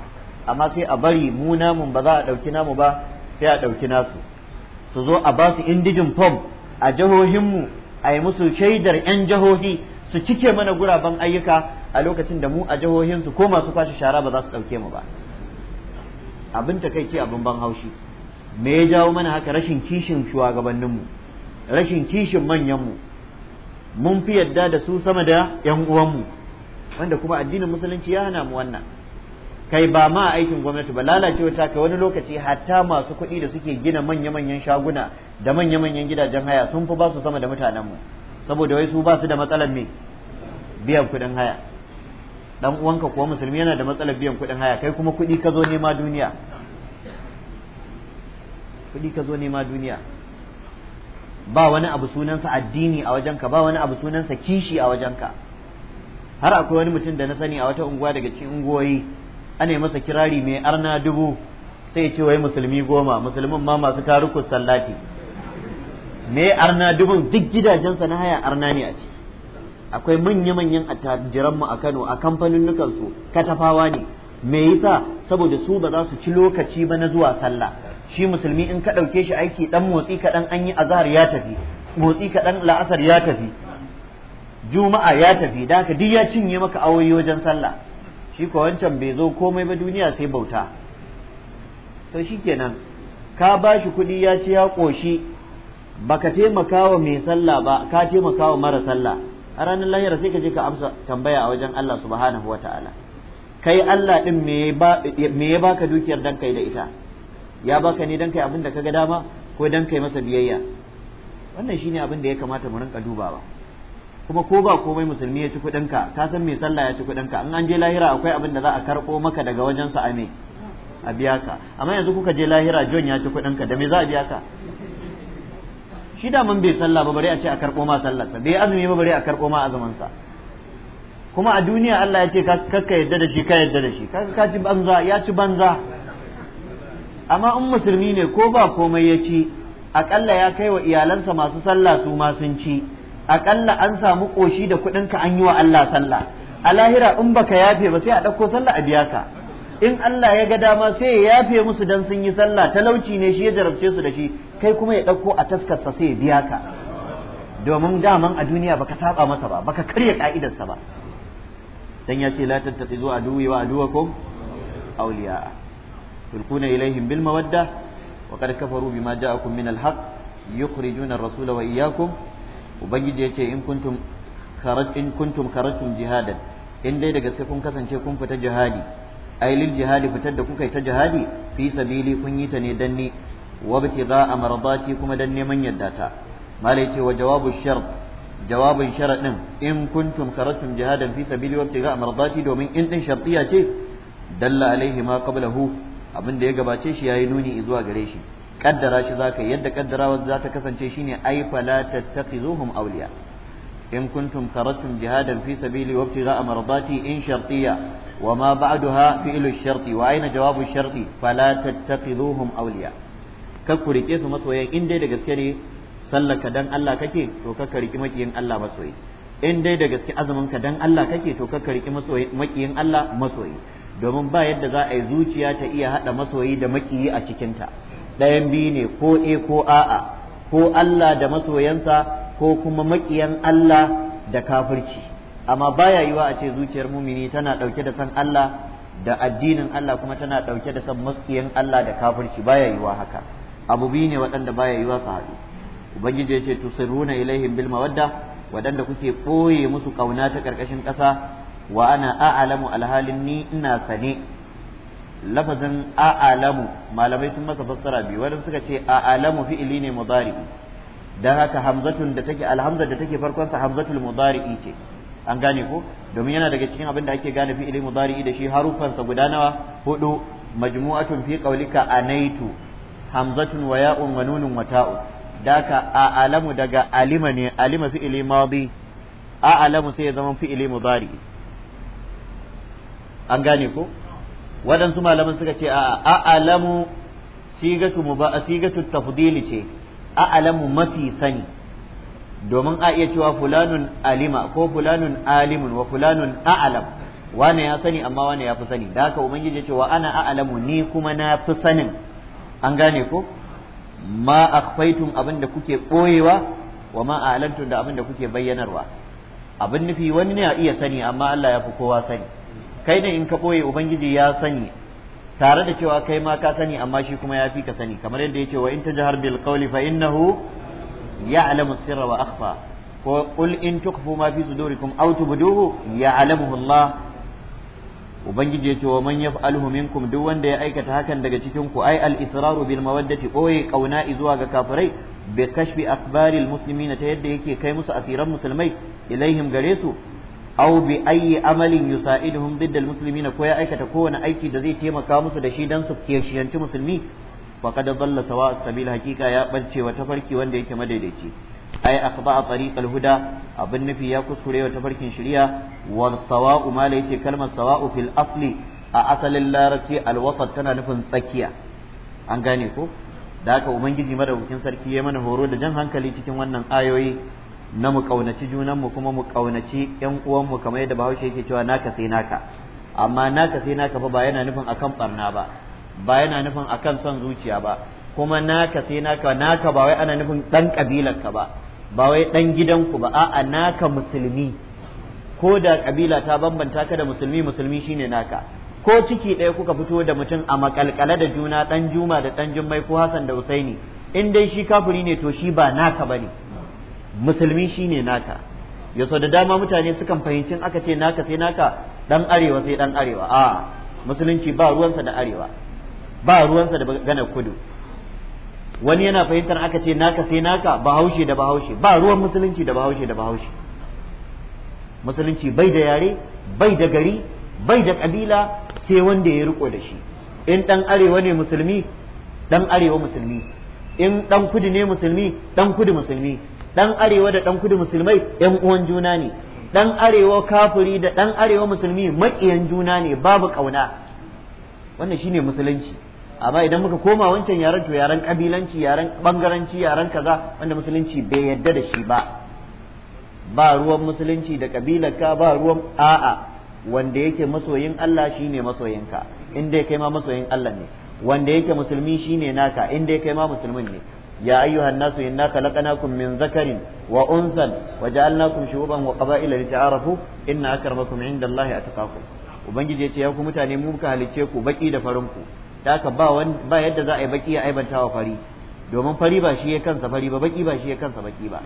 amma sai a bari mu namun ba za a ɗauki namu ba sai a ɗauki nasu su zo a ba su indijin form a jihohinmu a yi musu shaidar 'yan jihohi su cike mana guraben ayyuka a lokacin da mu a jihohinsu ko masu kwashe shara ba za su ɗauke mu ba abin takaici abin ban haushi me ya jawo mana haka rashin kishin shugabanninmu rashin kishin manyanmu mun fi yadda da su sama da yan uwanmu wanda kuma addinin musulunci ya hana mu wannan kai ba ma aikin gwamnati ba lalacewa ta kai wani lokaci hatta masu kuɗi da suke gina manya-manyan shaguna da manya-manyan gidajen haya sun fi ba su sama da mutanenmu saboda wai su ba su da matsalar me biyan kuɗin haya dan uwanka kuwa musulmi yana da matsalar biyan kuɗin haya kai kuma kuɗi ka zo nema duniya kuɗi ka zo nema duniya ba wani abu sunansa addini a wajenka ba wani abu sunansa kishi a wajen ka. har akwai wani mutum da na sani a wata unguwa daga cikin unguwoyi ana masa kirari mai arna dubu sai ce wai musulmi goma musulmin ma masu tarukus sallati me arna dubun duk gidajensa na haya arna ne a ciki akwai manya-manyan mu a Kano a kamfanin su katafawa ne me yasa saboda su ba za su ci lokaci ba na zuwa sallah shi musulmi in ka ɗauke shi aiki ɗan motsi kaɗan an yi azhar ya tafi motsi kaɗan la'asar ya tafi juma'a ya tafi da haka duk ya cinye maka awoyi wajen sallah shi ko wancan bai zo komai ba duniya sai bauta to shikenan ka ba shi kuɗi ya ce ya ƙoshi baka taimaka wa mai sallah ba ka taimakawa mara sallah a ranar lahira sai ka je ka amsa tambaya a wajen Allah subhanahu wa kai Allah ɗin me ya baka dukiyar dan kai da ita ya baka ne dan kai abin da kaga dama ko dan kai masa biyayya wannan shine abin da ya kamata mu rinka dubawa kuma ko ba komai musulmi ya ci kuɗinka ka ka san me sallah ya ci kuɗinka ka in an je lahira akwai abin da za a karɓo maka daga wajen sa ame a biya ka amma yanzu kuka je lahira John ya ci kuɗinka ka da me za a biya ka shi da man bai sallah ba bare a ce a karɓo ma sallarsa bai azumi ba bare a karɓo ma azumin sa kuma a duniya Allah ya ce kakka yadda da shi ka yadda da shi kaga ka ci banza ya ci banza amma in musulmi ne ko ba komai ya ci aƙalla ya kai wa iyalansa masu sallah su ma sun ci aƙalla an samu ƙoshi da kuɗinka an yi wa Allah sallah a lahira in baka yafe ba sai a ɗauko sallah a biya ka in Allah ya ga dama sai ya yafe musu dan sun yi sallah talauci ne shi ya jarabce su da shi kai kuma ya ɗauko a taskarsa sai ya biya ka domin daman a duniya baka saba masa ba baka karya ka'idarsa ba dan ya ce la zuwa aduwi wa aduwakum awliya يلقون إليهم بالمودة وقد كفروا بما جاءكم من الحق يخرجون الرسول وإياكم وبنجي إن كنتم خرج إن كنتم خرجتم جهادا إن دي دقا سيكون كسن شيكون فتجهادي أي للجهاد فتدكم كي تجهادي في سبيلي كنيتني دني وابتغاء مرضاتي كما دني من يداتا ما ليتي وجواب الشرط جواب شرط إن كنتم خرجتم جهادا في سبيلي وابتغاء مرضاتي دومين إن شرطية دل عليه ما قبله abin da ya gabace shi yayi nuni zuwa gare shi kaddara shi zaka yadda kaddarawa za ta kasance shine ai fala tattakhizuhum awliya in kuntum kharajtum jihadan fi sabili wa ibtigha'a mardati in shartiyya wa ma ba'daha fi'lu ash-sharti wa aina jawabu ash-sharti fala tattakhizuhum awliya ka ku rike su masoyan in dai da gaske ne sallaka dan Allah kake to ka karki makiyin Allah masoyi in dai da gaske azumin ka dan Allah kake to ka karki masoyi makiyin Allah masoyi domin ba yadda za a yi zuciya ta iya haɗa masoyi da makiyi a cikinta ɗayan biyu ne ko e ko a'a ko Allah da masoyansa ko kuma makiyan Allah da kafirci amma baya yiwa a ce zuciyar mumini tana ɗauke da san Allah da addinin Allah kuma tana ɗauke da san makiyan Allah da kafirci baya yiwa haka abu biyu ne waɗanda baya yiwa su haɗu ubangiji ya ce tusiruna ilaihim bil mawadda waɗanda kuke ɓoye musu ƙauna ta ƙarƙashin ƙasa wa ana a'lamu alhalin ni ina sane lafazin a'lamu malamai sun masa fassara biyu wanda suka ce a'lamu fi'ili ne mudari dan haka hamzatun da take alhamza da take farkon sa hamzatul mudari ce an gane ko domin yana daga cikin abin da ake gane fi'ili mudari da shi harufan sa guda nawa hudu majmu'atun fi qawlika anaitu hamzatun wa ya'un wa nunun wa ta'u daka a'lamu daga alima ne alima fi'ili madi a'lamu sai ya zama fi'ili mudari an gane ko waɗansu malaman suka ce a a'lamu sigatu a sigatu tafdili ce a'lamu mafi sani domin a iya cewa fulanun alima ko fulanun alimun wa fulanun a'lam wane ya sani amma wane ya fi sani da haka ubangiji ya ce wa ana a'lamu ni kuma na fi sanin an gane ko ma akhfaitum abin da kuke ɓoyewa wa ma a'lantum da abin da kuke bayyanarwa abin nufi wani ne a iya sani amma Allah ya fi kowa sani kai din in ka ɓoye ubangiji ya sani tare da cewa kai ma ka sani amma shi kuma ya fi ka sani kamar yadda yace wa in tajhar bil qawli fa innahu alamu sirra wa akhfa ko qul in tukfu ma fi sudurikum aw tubduhu alamu Allah ubangiji yace wa man yaf'aluhu minkum duk wanda ya aikata hakan daga cikin ku ai al israru bil mawaddati boye kauna zuwa ga kafirai bi kashfi akhbaril muslimina ta yadda yake kai musu asiran musulmai ilaihim gare su aw bi ayyi amalin yusa'iduhum diddal muslimin ko ya aikata kowane aiki da zai taimaka musu da shi dan su kishiyanci musulmi faqad dalla sawa'a sabil hakika ya barce wa tafarki wanda yake madaidaici ay tariq al huda abin nufi ya kuskure wa tafarkin shari'a war sawa'u ma yace kalmar sawa'u fil asli a asalin larabci wasat tana nufin tsakiya an gane ko da haka ubangiji madaukakin sarki ya mana horo da jan hankali cikin wannan ayoyi na mu kaunaci junanmu kuma mu kaunaci yan uwanmu kamar yadda bahaushe yake cewa naka sai naka amma naka sai naka fa ba yana nufin akan barna ba ba yana nufin akan son zuciya ba kuma naka sai naka naka ba wai ana nufin ɗan kabilarka ba ba wai dan gidanku ba a'a naka musulmi ko da kabila ta bambanta ka da musulmi musulmi shine naka ko ciki ɗaya kuka fito da mutum a makalkale da juna dan juma da dan jummai ko hasan da husaini in dai shi kafiri ne to shi ba naka bane musulmi shine naka ya da dama mutane sukan fahimci aka ce naka sai naka dan arewa sai dan arewa a musulunci ba ruwansa da arewa ba ruwansa da ganar kudu wani yana fahimtar aka ce naka sai naka bahaushe da bahaushe ba ruwan musulunci da bahaushe da bahaushe musulunci bai da yare bai da gari bai da kabila sai wanda ya riko da shi in dan arewa ne musulmi dan arewa musulmi in dan kudu ne musulmi dan kudu musulmi dan arewa da dan kudu musulmai yan uwan juna ne dan arewa kafiri da dan arewa musulmi makiyan juna ne babu kauna wannan shine musulunci amma idan muka koma wancan yaren to yaren kabilanci yaren bangaranci yaren kaza wanda musulunci bai yadda da shi ba ba ruwan musulunci da kabilarka ba ruwan a'a wanda yake masoyin Allah shine masoyinka in dai kai ma masoyin Allah ne wanda yake musulmi shine naka in dai kai ma musulmin ne يا أيها الناس إنا خلقناكم من ذكر وأنثى وجعلناكم شعوبا وقبائل لتعارفوا إن أكرمكم عند الله أتقاكم ubangiji ya ce ya ku mutane mu muka halicce ku baki da farin ku da haka ba yadda za a yi baki a aibanta wa fari domin fari ba shi ya kansa fari ba ba shi ya kansa baki ba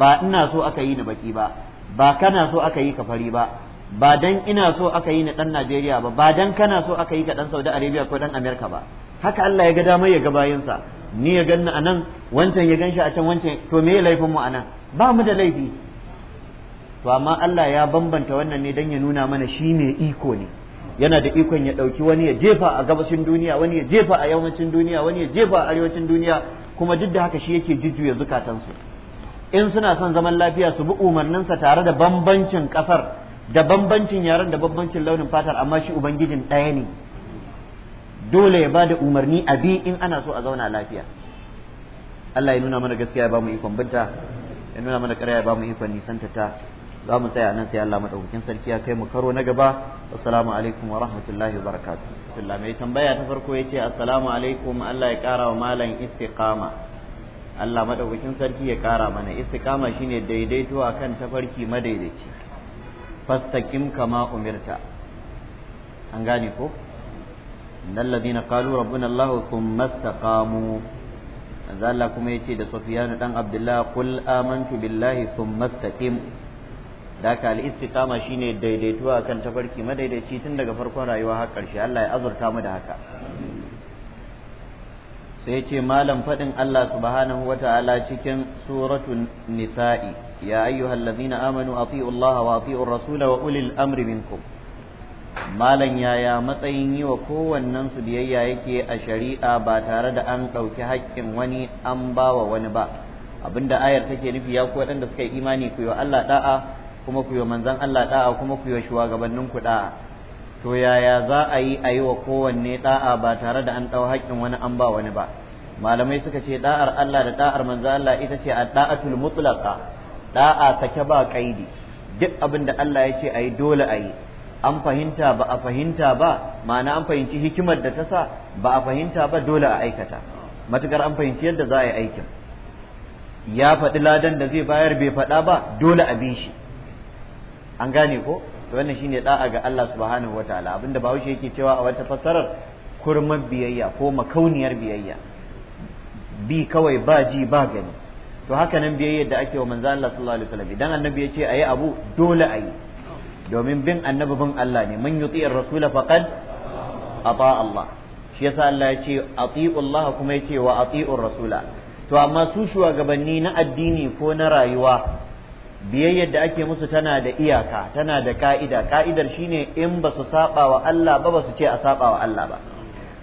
ba ina so aka yi ni baki ba ba kana so aka yi ka fari ba ba dan ina so aka yi ni dan Najeriya ba ba dan kana so aka yi ka dan Saudi arabiya ko dan America ba haka Allah ya ga damar ya ga bayinsa ni ya ganni a nan wancan ya ganshi a can wancan to me laifin mu a nan ba mu da laifi to amma Allah ya bambanta wannan ne don ya nuna mana shi ne iko ne yana da ikon ya ɗauki wani ya jefa a gabashin duniya wani ya jefa a yawancin duniya wani ya jefa a arewacin duniya kuma duk da haka shi yake jujjuya zukatansu in suna son zaman lafiya su bi umarninsa tare da bambancin ƙasar da bambancin yaren da bambancin launin fatar amma shi ubangijin ɗaya ne dole ya bada umarni a bi in ana so a zauna lafiya Allah ya nuna mana gaskiya ya ba mu ikon binta ya nuna mana ƙarya ya ba mu ikon nisanta ta za mu tsaya nan sai Allah madaukakin sarki ya kai mu karo na gaba assalamu alaikum wa rahmatullahi wa barakatuh mai tambaya ta farko yace assalamu alaikum Allah ya ƙara wa malam istiqama Allah madaukakin sarki ya ƙara mana istiqama shine daidaito akan tafarki madaidaici fastaqim kama umirta an gane ko innal na qalu rabbuna allah thumma istaqamu manzo Allah kuma yace da Sufyan dan Abdullah qul amantu billahi thumma istaqim daka al-istiqama shine daidaituwa akan tafarki madaidaici tun daga farkon rayuwa har karshe Allah ya azurta mu da haka sai ce malam fadin Allah subhanahu wata'ala cikin suratul nisa'i ya ayyuhallazina amanu ati'u Allah wa ati'ur rasul wa ulil amri minkum malam yaya matsayin yi wa kowannen su biyayya yake a shari'a ba tare da an ɗauki haƙƙin wani an ba wa wani ba abinda ayar take nufi ya ku waɗanda suka yi imani ku yi wa Allah da'a kuma ku yi wa manzan Allah da'a kuma ku yi wa shugabannin ku da'a to yaya za a yi a yi wa kowanne da'a ba tare da an ɗau haƙƙin wani an ba wani ba malamai suka ce ɗa'ar Allah da ɗa'ar manzan Allah ita ce a da'atul mutlaqa da'a sake ba kaidi duk abinda Allah ya ce a yi dole a yi an fahimta ba a fahimta ba ma'ana an fahimci hikimar da ta sa ba a fahimta ba dole a aikata matukar an fahimci yadda za a yi aikin ya faɗi ladan da zai bayar bai faɗa ba dole a bi shi an gane ko to wannan shine da'a ga Allah subhanahu wataala abinda Bahaushe yake cewa a wata fassarar kurmar biyayya ko makauniyar biyayya bi kawai ba ji ba gani to haka nan biyayya da ake wa manzo Allah sallallahu alaihi wasallam idan annabi ya ce ayi abu dole a yi. domin bin annabi bin Allah ne man yuti'ir rasula faqad ata Allah shi yasa Allah ya ce ati'u Allah kuma ya ce wa ati'ur rasula to amma su shugabanni na addini ko na rayuwa biyayyar da ake musu tana da iyaka tana da ka'ida ka'idar shine in ba su saba wa Allah ba ba su ce a saba wa Allah ba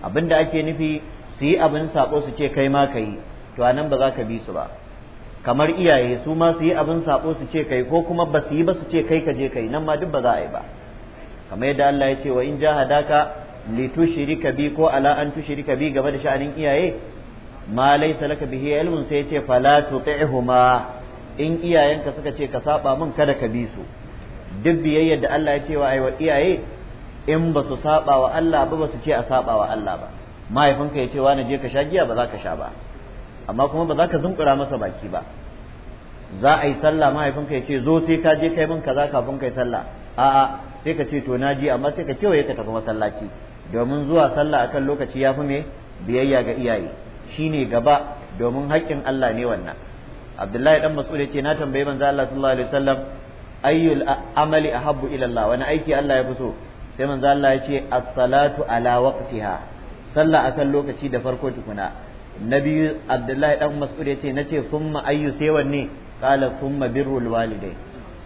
abinda ake nufi su yi abin sako su ce kai ma ka yi to anan ba za ka bi su ba kamar iyaye su ma su yi abin sabo su ce kai ko kuma ba su yi ba su ce kai ka je kai nan ma duk ba za a yi ba kamar yadda Allah ya ce wa in jahadaka li tushrika bi ko ala an tushrika bi game da sha'anin iyaye ma laysa laka bihi ilmun sai ya ce fala tuti'huma in iyayenka suka ce ka saba min kada ka bi su duk biyayyar da Allah ya ce wa aiwa iyaye in ba su saba wa Allah ba ba su ce a saba wa Allah ba mahaifinka ya ce wa na je ka sha giya ba za ka sha ba amma kuma ba za ka zunkura masa baki ba za a yi sallah mahaifinka ya ce zo sai ka je kai min kaza kafin kai sallah a'a sai ka ce to na ji amma sai ka kewaye ka tafi masallaci domin zuwa sallah akan lokaci ya fi me biyayya ga iyaye shine gaba domin haƙƙin Allah ne wannan Abdullahi dan Mas'ud yace na tambayi manzo Allah sallallahu alaihi wasallam ayyul amali a ila Allah wani aiki Allah ya fi so sai manzo Allah yace as-salatu ala waqtiha sallah akan lokaci da farko tukuna Na biyu abdullahi dan mas'ud na ce summa ayyu sai wanne qala summa birrul walidai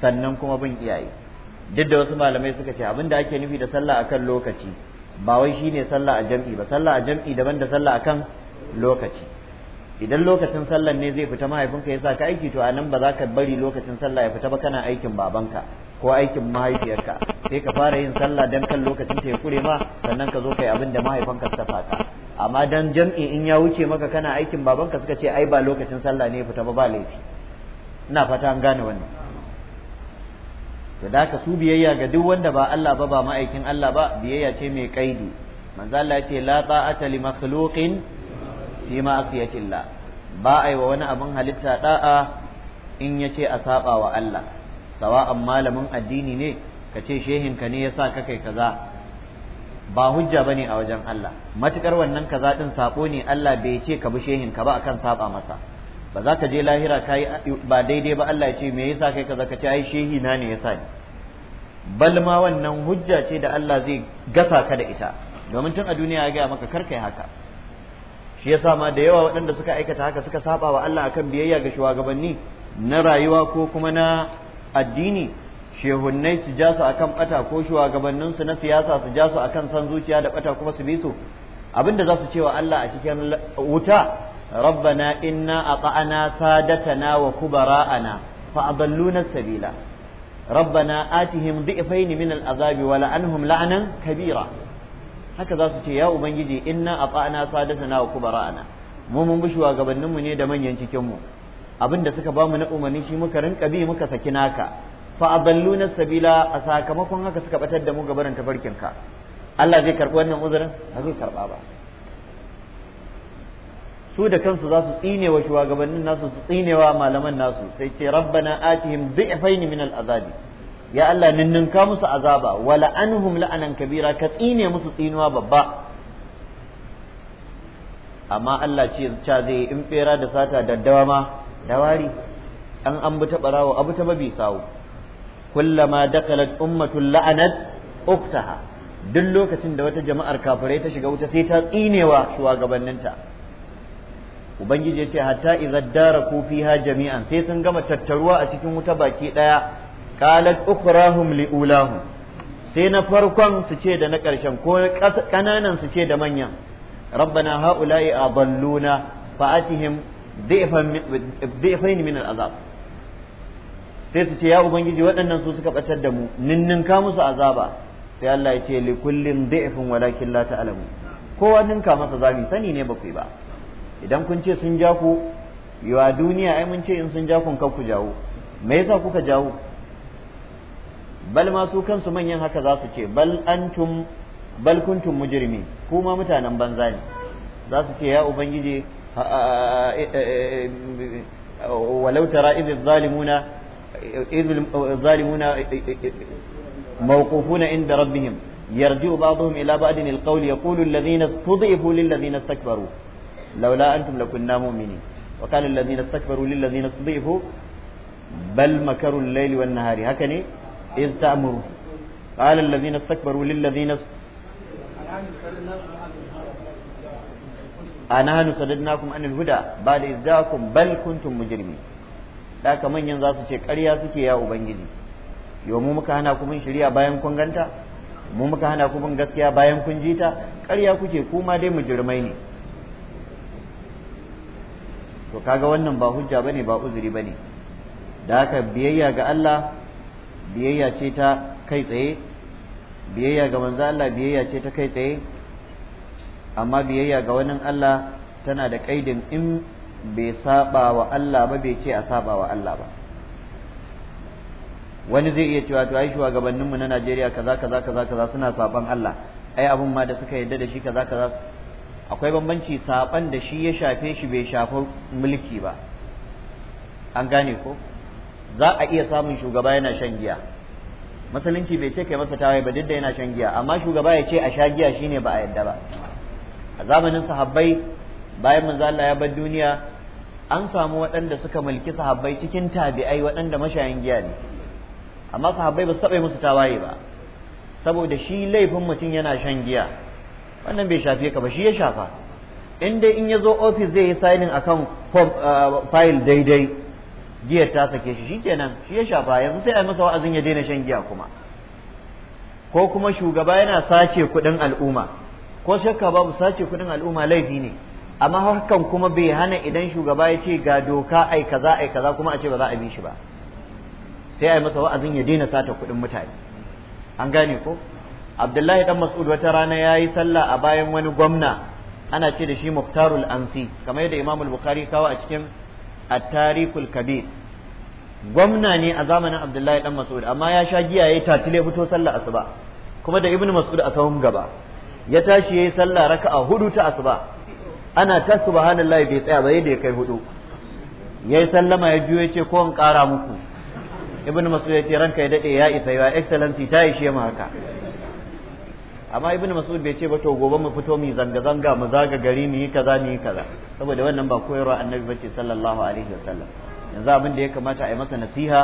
sannan kuma bin iyaye duk da wasu malamai suka ce abinda ake nufi da sallah akan lokaci ba wai shine sallah a jam'i ba sallah a jam'i daban da sallah akan lokaci idan lokacin sallan ne zai fita mahaifinka ya sa ka aiki to anan ba za ka bari lokacin sallah ya fita ba kana aikin babanka ko aikin mahaifiyarka sai ka fara yin sallah dan kan lokacin ta ya kure ma sannan ka zo kai abin da mahaifanka suka fata amma dan jam'i in ya wuce maka kana aikin babanka suka ce ai ba lokacin sallah ne fita ba ba laifi ina fata an gane wannan da ka su biyayya ga duk wanda ba Allah ba ba ma'aikin Allah ba biyayya ce mai kaidi manzo Allah ya ce la ta'ata li makhluqin fi ma'siyatillah ba ai wa wani abin halitta da'a in yace a saba wa Allah sawa'an malamin addini ne ka ce shehinka ne sa ka kai kaza ba hujja bane a wajen Allah matukar wannan kaza din sabo ne Allah bai ce ka bi shehinka ba akan saba masa ba za ka je lahira ka ba daidai ba Allah ya ce me yasa kai kaza ka ce ai shehi na ne yasa ni bal ma wannan hujja ce da Allah zai gasa ka da ita domin tun a duniya ya gaya maka karkai haka shi yasa ma da yawa waɗanda suka aikata haka suka saba wa Allah akan biyayya ga shugabanni na rayuwa ko kuma na addini shehunnai su ja su akan bata ko shugabanninsu na siyasa su ja su akan san zuciya da bata kuma su bi su abinda za su cewa Allah a cikin wuta rabbana inna ata'ana sadatana wa kubara'ana fa adalluna sabila rabbana atihim dhi'fayn min al'azabi wa la'anhum la'nan kabira haka za su ce ya ubangiji inna ata'ana sadatana wa kubara'ana mu mun bi shugabanninmu ne da manyan cikin mu abin da suka bamu na umarni shi muka rinka bi muka saki naka fa na sabila a sakamakon haka suka batar da mu gabaran tafarkin ka Allah zai karɓi wannan uzurin ba zai karɓa ba su da kansu za su tsine wa shugabannin nasu su tsine malaman nasu sai ce rabbana atihim dhi'fain min azabi ya Allah ninninka musu azaba wa anhum la'anan kabira ka tsine musu tsinuwa babba amma Allah ce cha zai in fera da sata daddawa ma da wari an an bi ta barawo abu ta babi sawo kullama dakalat ummatul la'anat uktaha duk lokacin da wata jama'ar kafirai ta shiga wuta sai ta tsinewa shugabanninta ubangiji ya ce hatta idza daraku fiha jami'an sai sun gama tattaruwa a cikin wuta baki daya qalat ukhrahum liulahum sai na farkon su ce da na ƙarshen ko kananan su ce da manyan rabbana haula'i adalluna fa'atihim da'ifai min al'azab sai su ce ya ubangiji waɗannan su suka ɓatar da mu ninninka musu azaba sai Allah ya ce likullin da'ifin walakin la ta'lamu kowa ninka masa zabi sani ne bakwai ba idan kun ce sun ja ku yiwa duniya ai mun ce in sun ja kun ku jawo me yasa kuka jawo bal ma su kansu manyan haka za su ce bal antum bal kuntum mujrimin kuma mutanen banza ne za su ce ya ubangiji ولو ترى إذ الظالمون إذ الظالمون موقوفون عند ربهم يرجع بعضهم إلى بعض القول يقول الذين استضعفوا للذين استكبروا لولا أنتم لكنا مؤمنين وقال الذين استكبروا للذين استضعفوا بل مكروا الليل والنهار هكني إذ تأمروا قال الذين استكبروا للذين hannu sadadnakum anil huda ba da izdakum bal kuntum mujrimin da ka manyan za su ce ƙarya suke ya ubangiji yau mu muka hana ku shirya bayan kun ganta mu muka hana ku gaskiya bayan kun ji ta ƙarya kuke kuma dai mujrimai ne to kaga wannan ba hujja bane ba uzuri bane da haka biyayya ga Allah biyayya ce ta kai tsaye biyayya ga manzo Allah biyayya ce ta kai tsaye amma biyayya ga wani Allah tana da kaidin in bai saba wa Allah ba bai ce a saba wa Allah ba wani zai iya cewa to ai shugabanninmu na Najeriya kaza kaza kaza kaza suna saban Allah ai abun ma da suka yarda da shi kaza kaza akwai bambanci saban da shi ya shafe shi bai shafi mulki ba an gane ko za a iya samun shugaba yana shan giya musulunci bai ce kai masa tawaye ba duk da yana shan giya amma shugaba ya ce a sha giya shine ba a yadda ba a zamanin sahabbai bayan manzo Allah ya bar duniya an samu waɗanda suka mulki sahabbai cikin tabi'ai waɗanda mashayan giya ne amma sahabbai ba su taɓa musu tawaye ba saboda shi laifin mutum yana shan giya wannan bai shafe ka ba shi ya shafa in dai in ya zo ofis zai yi signing akan uh, fayil daidai giyar ta sake shi shikenan shi ya shafa yanzu sai a masa wa'azin ya daina shan giya kuma ko kuma shugaba yana sace kuɗin al'umma ko shakka babu sace kuɗin al'umma laifi ne amma hakan kuma bai hana idan shugaba ya ce ga doka ai kaza ai kaza kuma a ce ba za a bi shi ba sai a masa wa'azin ya daina sata kuɗin mutane an gane ko abdullahi dan mas'ud wata rana ya yi sallah a bayan wani gwamna ana ce da shi muftarul ansi kamar yadda imam bukhari kawo a cikin at-tarikhul kabir gwamna ne a zamanin abdullahi dan mas'ud amma ya sha giya yayi tatile fito sallah asuba kuma da ibnu mas'ud a sahun gaba ya tashi yayi sallah raka a hudu ta asuba ana ta subhanallahi bai tsaya ba yadda ya kai hudu yi sallama ya biyo ce, ko in kara muku ibnu mas'ud ce, ranka ya daɗe ya isa ya excellency ta yi mu haka amma ibnu mas'ud bai ce ba to gobe mu fito mu zanga zanga mu zaga gari mu yi kaza mu yi kaza saboda wannan ba koyarwa annabi bace sallallahu alaihi wasallam yanzu abin da ya kamata a yi masa nasiha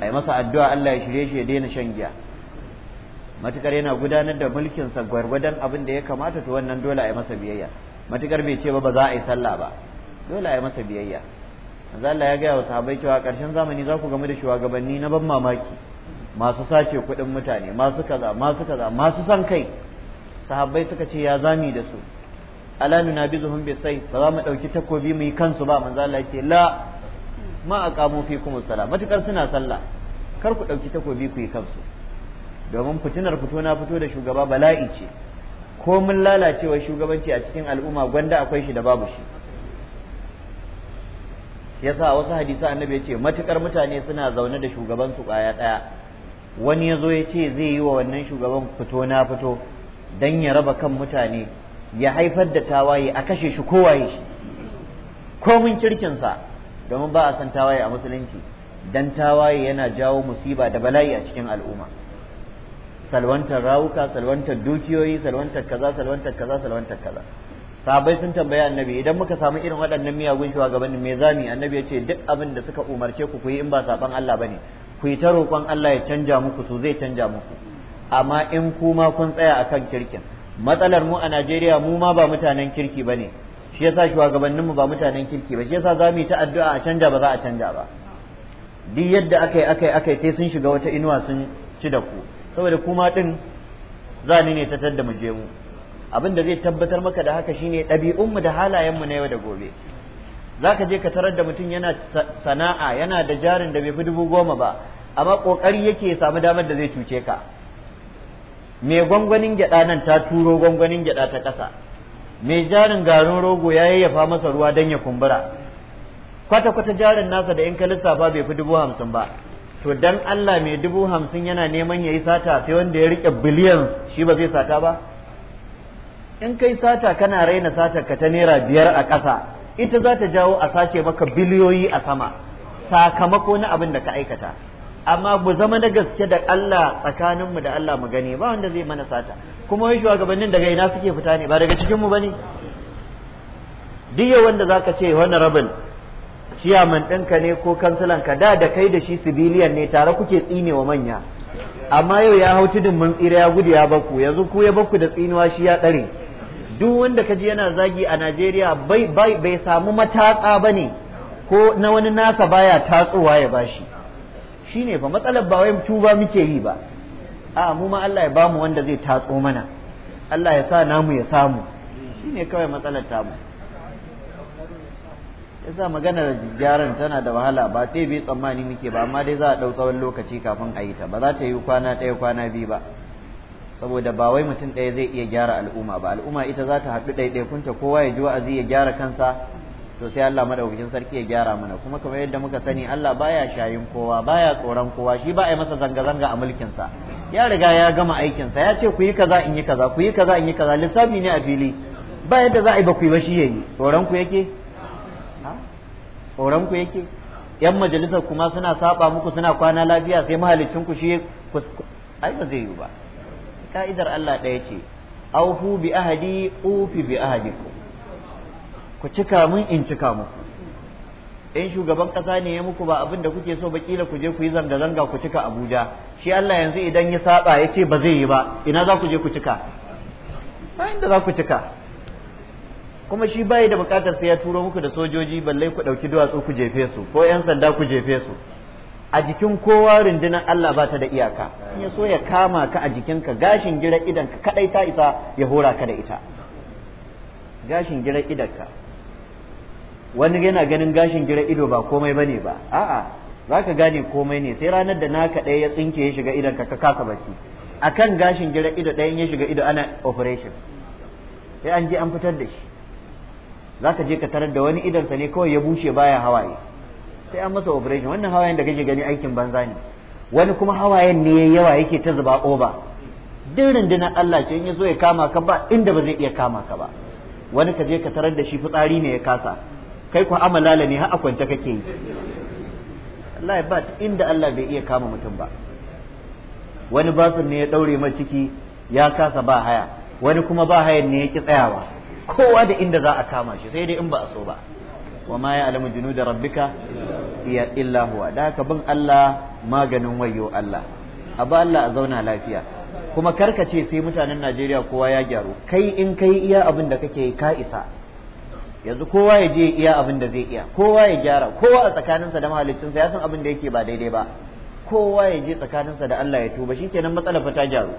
a yi masa addu'a Allah ya shirye shi ya daina shan giya matukar yana gudanar da mulkinsa gwargwadon abin da ya kamata to wannan dole a yi masa biyayya matukar bai ce ba ba za a yi sallah ba dole a yi masa biyayya manzo Allah ya gaya wa sahabbai cewa karshen zamani za ku gamu da shugabanni na ban mamaki masu sace kuɗin mutane masu kaza masu kaza masu san kai sahabbai suka ce ya zami da su ala nunabizuhum bi sai ba za mu dauki takobi mu yi kansu ba manzo Allah ce la ma aqamu fikum sala matukar suna sallah kar ku ɗauki takobi ku yi kansu domin fitinar fito na fito da shugaba bala'i ce ko mun lalacewa shugabanci a cikin al'umma gwanda akwai shi da babu shi yasa a wasu hadisa annabi ya ce matukar mutane suna zaune da shugaban su kwaya daya wani ya zo ya ce zai yi wa wannan shugaban fito na fito dan ya raba kan mutane ya haifar da tawaye a kashe shi waye shi komin kirkinsa domin ba a san tawaye a musulunci dan tawaye yana jawo musiba da bala'i a cikin al'umma salwantar rawuka salwantar dukiyoyi salwantar kaza salwantar kaza salwantar kaza sabai sun tambaya annabi idan muka samu irin waɗannan miyagun shugabanni me zami annabi ya ce duk abin da suka umarce ku yi in ba saban Allah bane ku yi ta roƙon Allah ya canja muku su zai canja muku amma in kuma kun tsaya akan kirkin matsalar mu a Najeriya mu ma ba mutanen kirki bane shi yasa shugabannin mu ba mutanen kirki ba shi yasa zamu yi ta addu'a a canja ba za a canja ba duk yadda akai akai akai sai sun shiga wata inuwa sun ci da ku saboda kuma din zani ni ne tattar da muje mu abin da zai tabbatar maka da haka shine ɗabi'unmu da halayenmu na yau da gobe za ka je ka tarar da mutum yana sana'a yana da jarin da bai fi dubu goma ba amma ƙoƙari yake ya samu damar da zai cuce ka mai gwangwanin gyaɗa nan ta turo gwangwanin gyaɗa ta ƙasa mai jarin garin rogo ya yayyafa masa ruwa dan ya kumbura kwata-kwata jarin nasa da in ka lissafa bai fi dubu hamsin ba to dan Allah mai dubu hamsin yana neman ya yi sata sai wanda ya rike biliyan shi ba zai sata ba in kai sata kana raina satar ka ta naira biyar a ƙasa ita za ta jawo a sace maka biliyoyi a sama sakamako na abin da ka aikata amma bu zama na gaske da Allah tsakaninmu da Allah mu gani ba wanda zai mana sata kuma wai shugabannin daga ina suke fita ne ba daga cikinmu ba ne duk wanda za ce wani ciyaman ɗinka ne ko kansilan ka da da kai da shi sibiliyan ne tare kuke tsine wa manya amma yau ya hau tudun mun tsira ya gudu ya baku yanzu ku ya baku da tsinuwa shi ya ɗare duk wanda ka ji yana zagi a Najeriya bai bai bai samu matatsa bane ko na wani nasa baya tatsowa ya bashi shine fa matsalar ba wai tuba muke yi ba a mu ma Allah ya bamu wanda zai tatso mana Allah ya sa namu ya samu shine kawai matsalar tamu yasa maganar gyaran tana da wahala ba sai bai tsammani muke ba amma dai za a ɗau tsawon lokaci kafin a yi ta ba za ta yi kwana ɗaya kwana biyu ba saboda ba wai mutum ɗaya zai iya gyara al'umma ba al'umma ita za ta haɗu ɗaiɗaikunta kowa ya ji wa'azi ya gyara kansa to sai Allah madaukakin sarki ya gyara mana kuma kamar yadda muka sani Allah baya shayin kowa baya tsoron kowa shi ba a yi masa zanga-zanga a sa ya riga ya gama aikinsa ya ce ku yi kaza in yi kaza ku yi kaza in yi kaza lissafi ne a fili ba yadda za a yi ba ku yi ba shi yayi tsoron ku yake tsoron ku yake yan majalisar kuma suna saba muku suna kwana lafiya sai mahalicin ku shi ai ba zai yi ba ka'idar Allah ɗaya ce auhu bi ahadi ufi bi ahadi ku cika mun in cika muku in shugaban kasa ne ya muku ba abin da kuke so ba kila ku je ku yi zanga zanga ku cika Abuja shi Allah yanzu idan ya saba ya ce ba zai yi ba ina za ku je ku cika ba inda za ku cika kuma shi bai da bukatar sai ya turo muku da sojoji balle ku ɗauki duwatsu ku jefe su ko 'yan sanda ku jefe su a jikin kowa rundunar Allah ba ta da iyaka in ya so ya kama ka a jikinka gashin girar idan ka kadai ta isa ya hora ka da ita gashin girar idan ka wani yana ganin gashin girar ido ba komai bane ba a'a za ka gane komai ne sai ranar da naka ɗaya ya tsinke ya shiga idan ka ka kasa bacci akan gashin girar ido ɗayan ya shiga ido ana operation sai an je an fitar da shi za ka je ka tarar da wani idansa ne kawai ya bushe baya hawaye sai an masa operation wannan hawayen da kake gani aikin banza ne wani kuma hawayen ne ya yawa yake ta zuba oba duk rundunar Allah ce in ya zo ya kama ka ba inda ba zai iya kama ka ba wani ka je ka tarar da shi fitsari ne ya kasa kai ku amalala ne har a kwance kake yi Allah ba inda Allah bai iya kama mutum ba wani basin ne ya daure mai ciki ya kasa ba haya wani kuma ba hayan ne ya ki tsayawa kowa da inda za a kama shi sai dai in ba a so ba wa ma ya alamu junuda rabbika iya illa huwa da haka bin Allah maganin wayo Allah a ba Allah a zauna lafiya kuma karkace sai mutanen Najeriya kowa ya gyaru kai in kai iya abin da kake ka isa yanzu kowa ya je iya abin da zai iya kowa ya gyara kowa a tsakaninsa da mahaliccinsa ya san abin da yake ba daidai ba kowa ya je tsakaninsa da Allah ya tuba shikenan matsalar fa ta gyaru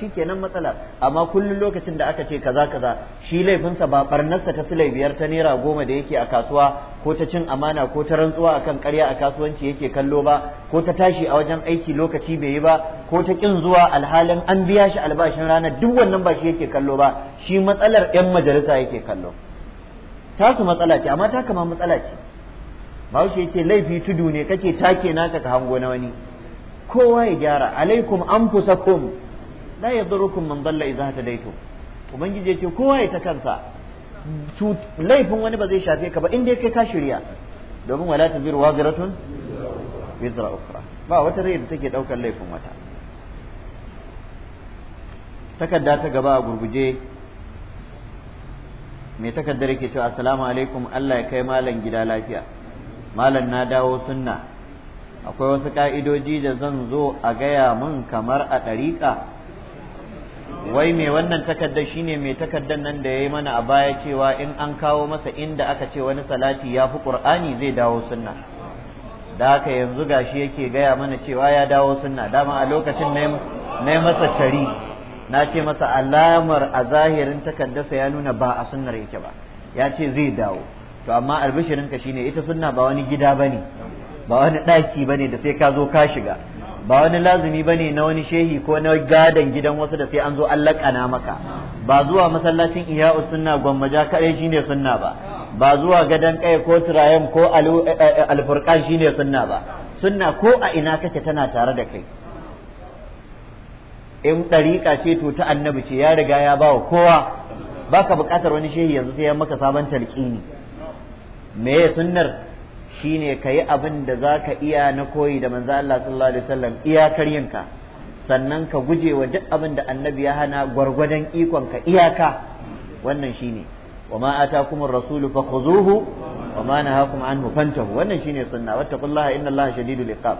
shikenan matsala amma kullum lokacin da aka ce kaza kaza shi laifinsa ba barnarsa ta silai biyar ta naira goma da yake a kasuwa ko ta cin amana ko ta rantsuwa akan karya a kasuwanci yake kallo ba ko ta tashi a wajen aiki lokaci bai yi ba ko ta kin zuwa alhalin an biya shi albashin ranar duk wannan ba shi yake kallo ba shi matsalar 'yan majalisa yake kallo tasu matsala ce amma ta kama matsala ce bahaushe ce laifi tudu ne kake take naka ka hango na wani kowa ya gyara alaikum an anfusakum la yadurrukum man dalla idza hadaytum ubangiji yace kowa ya ta kansa laifin wani ba zai shafe ka ba in kai ka shirya domin wala ta taziru waziratun bizra ukra ba wata rai da take daukar laifin wata takarda ta gaba a gurguje mai takaddar ke cewa assalamu alaikum Allah ya kai malam gida lafiya malam na dawo sunna akwai wasu ka'idoji da zan zo a gaya mun kamar a ɗariƙa wai mai wannan takaddar shine mai takardar nan da ya yi mana a baya cewa in an kawo masa inda aka ce wani salati ya fi ƙur'ani zai dawo sunna da haka yanzu gashi yake gaya mana cewa ya dawo sunna dama a lokacin na masa tari na ce masa alamar a zahirin takaddarsa ya nuna ba a sunnar yake ba ya ce zai dawo to amma albishirinka shine ita sunna ba wani gida ba ne, ba wani ɗaki ba ne da sai ka zo ka shiga ba wani lazumi bane na wani shehi ko na gadan gidan wasu da sai an zo an laƙana maka ba zuwa masallacin iya'u sunna gwammaja kaɗai shine sunna ba ba zuwa gadan kai ko turayen ko eh, eh, eh, alfurqan shine sunna ba sunna ko a ina kake tana tare da kai in ɗariƙa ce to ta annabi ce ya riga ya bawa kowa baka bukatar wani shehi yanzu sai ya maka sabon talƙini me sunnar shine ka yi abin da za ka iya na koyi da manzo Allah sallallahu alaihi wasallam iyakar yinka sannan ka guje wa duk abin da annabi ya hana gwargwadon ikonka iyaka wannan shine wa ma atakum ar-rasul fa khuzuhu wa ma nahakum anhu fantahu wannan shine sunna wattaqullaha inna Allaha shadidul iqab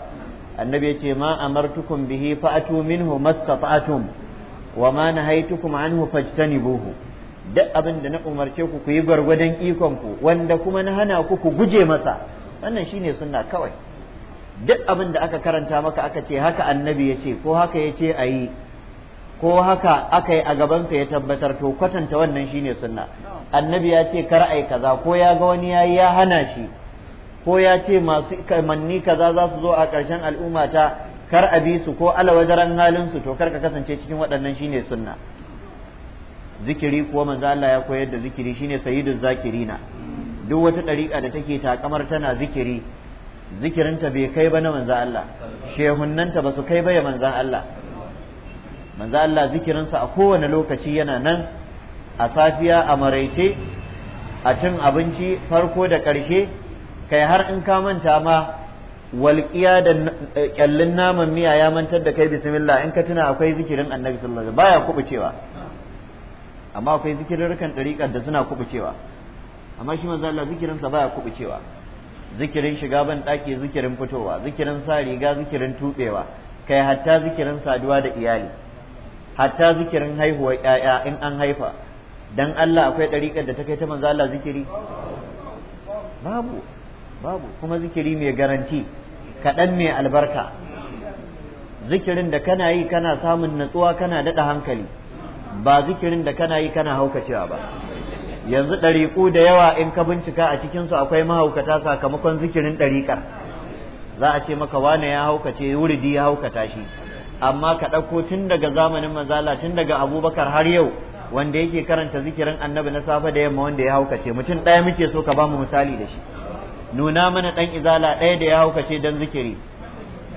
annabi yace ma amartukum bihi fa'atu minhu mastata'tum wa ma nahaytukum anhu fajtanibuhu duk abin da na umarce ku ku yi gwargwadon ikon ku wanda kuma na hana ku ku guje masa wannan shine sunna kawai duk abin da aka karanta maka aka ce haka annabi ya ce ko haka ya ce a yi ko haka aka yi a gabansa ya tabbatar to kwatanta wannan shine sunna annabi ya ce kar ai kaza ko ya ga wani yayi ya hana shi ko ya ce masu kamanni kaza za su zo a ƙarshen al'umma ta kar a bi su ko alawajaran halin su to kar ka kasance cikin waɗannan shine sunna zikiri kuwa manzo Allah ya koyar da zikiri shine sayyidul zakirina duk wata ɗariƙa da take takamar tana zikiri zikirinta bai kai ba na manzan Allah shehunnanta ba su kai ba ya manzan Allah manzan Allah zikirinsa a kowane lokaci yana nan a safiya a maraice a cin abinci farko da ƙarshe kai har in ka manta ma walƙiya da eh, ƙyallin naman miya ya mantar da kai bismillah in ka tuna akwai zikirin annabi sallallahu alaihi baya kubucewa amma akwai zikirin rukan ɗariƙar da suna kubucewa amma shi manzo Allah zikirin sa baya kubucewa zikirin shiga ban daki zikirin fitowa zikirin sa riga zikirin tubewa kai hatta zikirin saduwa da iyali hatta zikirin haihuwar 'ya'ya in an haifa dan Allah akwai ɗariƙar da ta kai ta manzo Allah zikiri babu babu kuma zikiri mai garanti kaɗan mai albarka zikirin da kana yi kana samun natsuwa kana daɗa hankali ba zikirin da kana yi kana haukacewa ba yanzu ɗariƙu da yawa in ka bincika a cikinsu akwai mahaukata sakamakon zikirin ɗariƙar za a ce maka wane ya haukace wuridi ya haukata shi amma ka ɗauko tun daga zamanin mazala tun daga abubakar har yau wanda yake karanta zikirin annabi na safe da yamma wanda ya haukace mutum ɗaya muke so ka bamu misali da shi nuna mana ɗan izala ɗaya da ya haukace don zikiri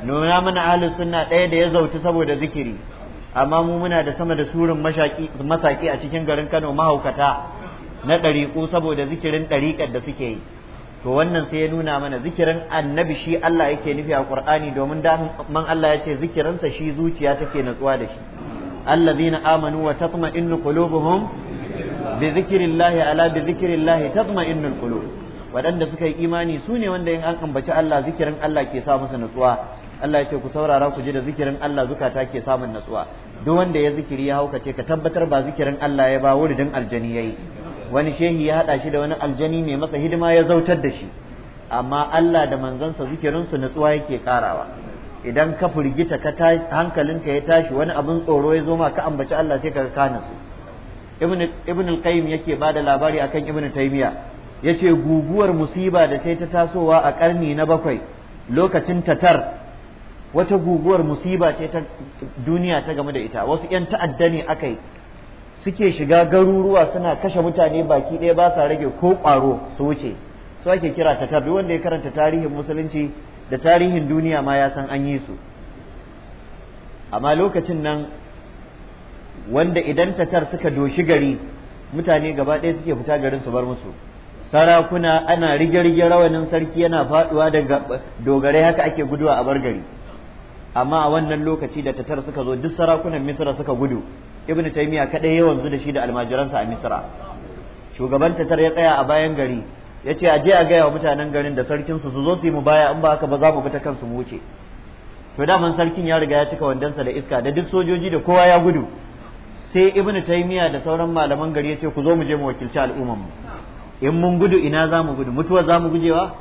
nuna mana ahlus sunna ɗaya da ya zauti saboda zikiri amma mu muna da sama da surun masaki a cikin garin Kano mahaukata na ɗariƙu saboda zikirin ɗariƙar da suke yi to wannan sai ya nuna mana zikirin annabi shi Allah yake nufi a Qur'ani domin man Allah ya ce zikirinsa shi zuciya take natsuwa da shi allazina amanu wa tatma'innu qulubuhum bi zikrillahi ala bi zikrillahi tatma'innul qulub waɗanda suka yi imani su ne wanda in an ambaci Allah zikirin Allah ke sa musu natsuwa Allah ya ce ku saurara ku ji da zikirin Allah zukata ke samun natsuwa duk wanda ya zikiri ya haukace ka tabbatar ba zikirin Allah ya ba wuridin aljani yayi wani shehi ya haɗa shi da wani aljani mai masa hidima ya zautar da shi amma Allah da manzansa zikirinsu natsuwa yake karawa idan ka firgita ka hankalinka ya tashi wani abin tsoro ya zo ma ka ambaci Allah sai ka kana su ibn al-qayyim yake bada labari akan ibn taymiya yace guguwar musiba da ta tasowa a karni na bakwai lokacin tatar wata guguwar musiba ce ta duniya ta game da ita wasu yan ta'adda ne akai suke shiga garuruwa suna kashe mutane baki ɗaya ba sa rage ko ƙwaro su wuce su ake kira ta tabi wanda ya karanta tarihin musulunci da tarihin duniya ma ya san an yi su amma lokacin nan wanda idan tatar suka doshi gari mutane gaba ɗaya suke fita garin su bar musu sarakuna ana rige-rige rawanin sarki yana faɗuwa daga dogare haka ake guduwa a bar gari amma a wannan lokaci da tatar suka zo duk sarakunan misira suka gudu ibn taymiya kadai ya wanzu da shi da almajiransa a misra shugaban tatar ya tsaya a bayan gari ya ce a je a gaya wa mutanen garin da sarkin su su zo su yi mu baya in ba haka ba za mu fita kansu mu wuce to da daman sarkin ya riga ya cika wandansa da iska da duk sojoji da kowa ya gudu sai ibn taymiya da sauran malaman gari ya ce ku zo mu je mu wakilci al'umman mu in mun gudu ina za mu gudu mutuwa za mu gujewa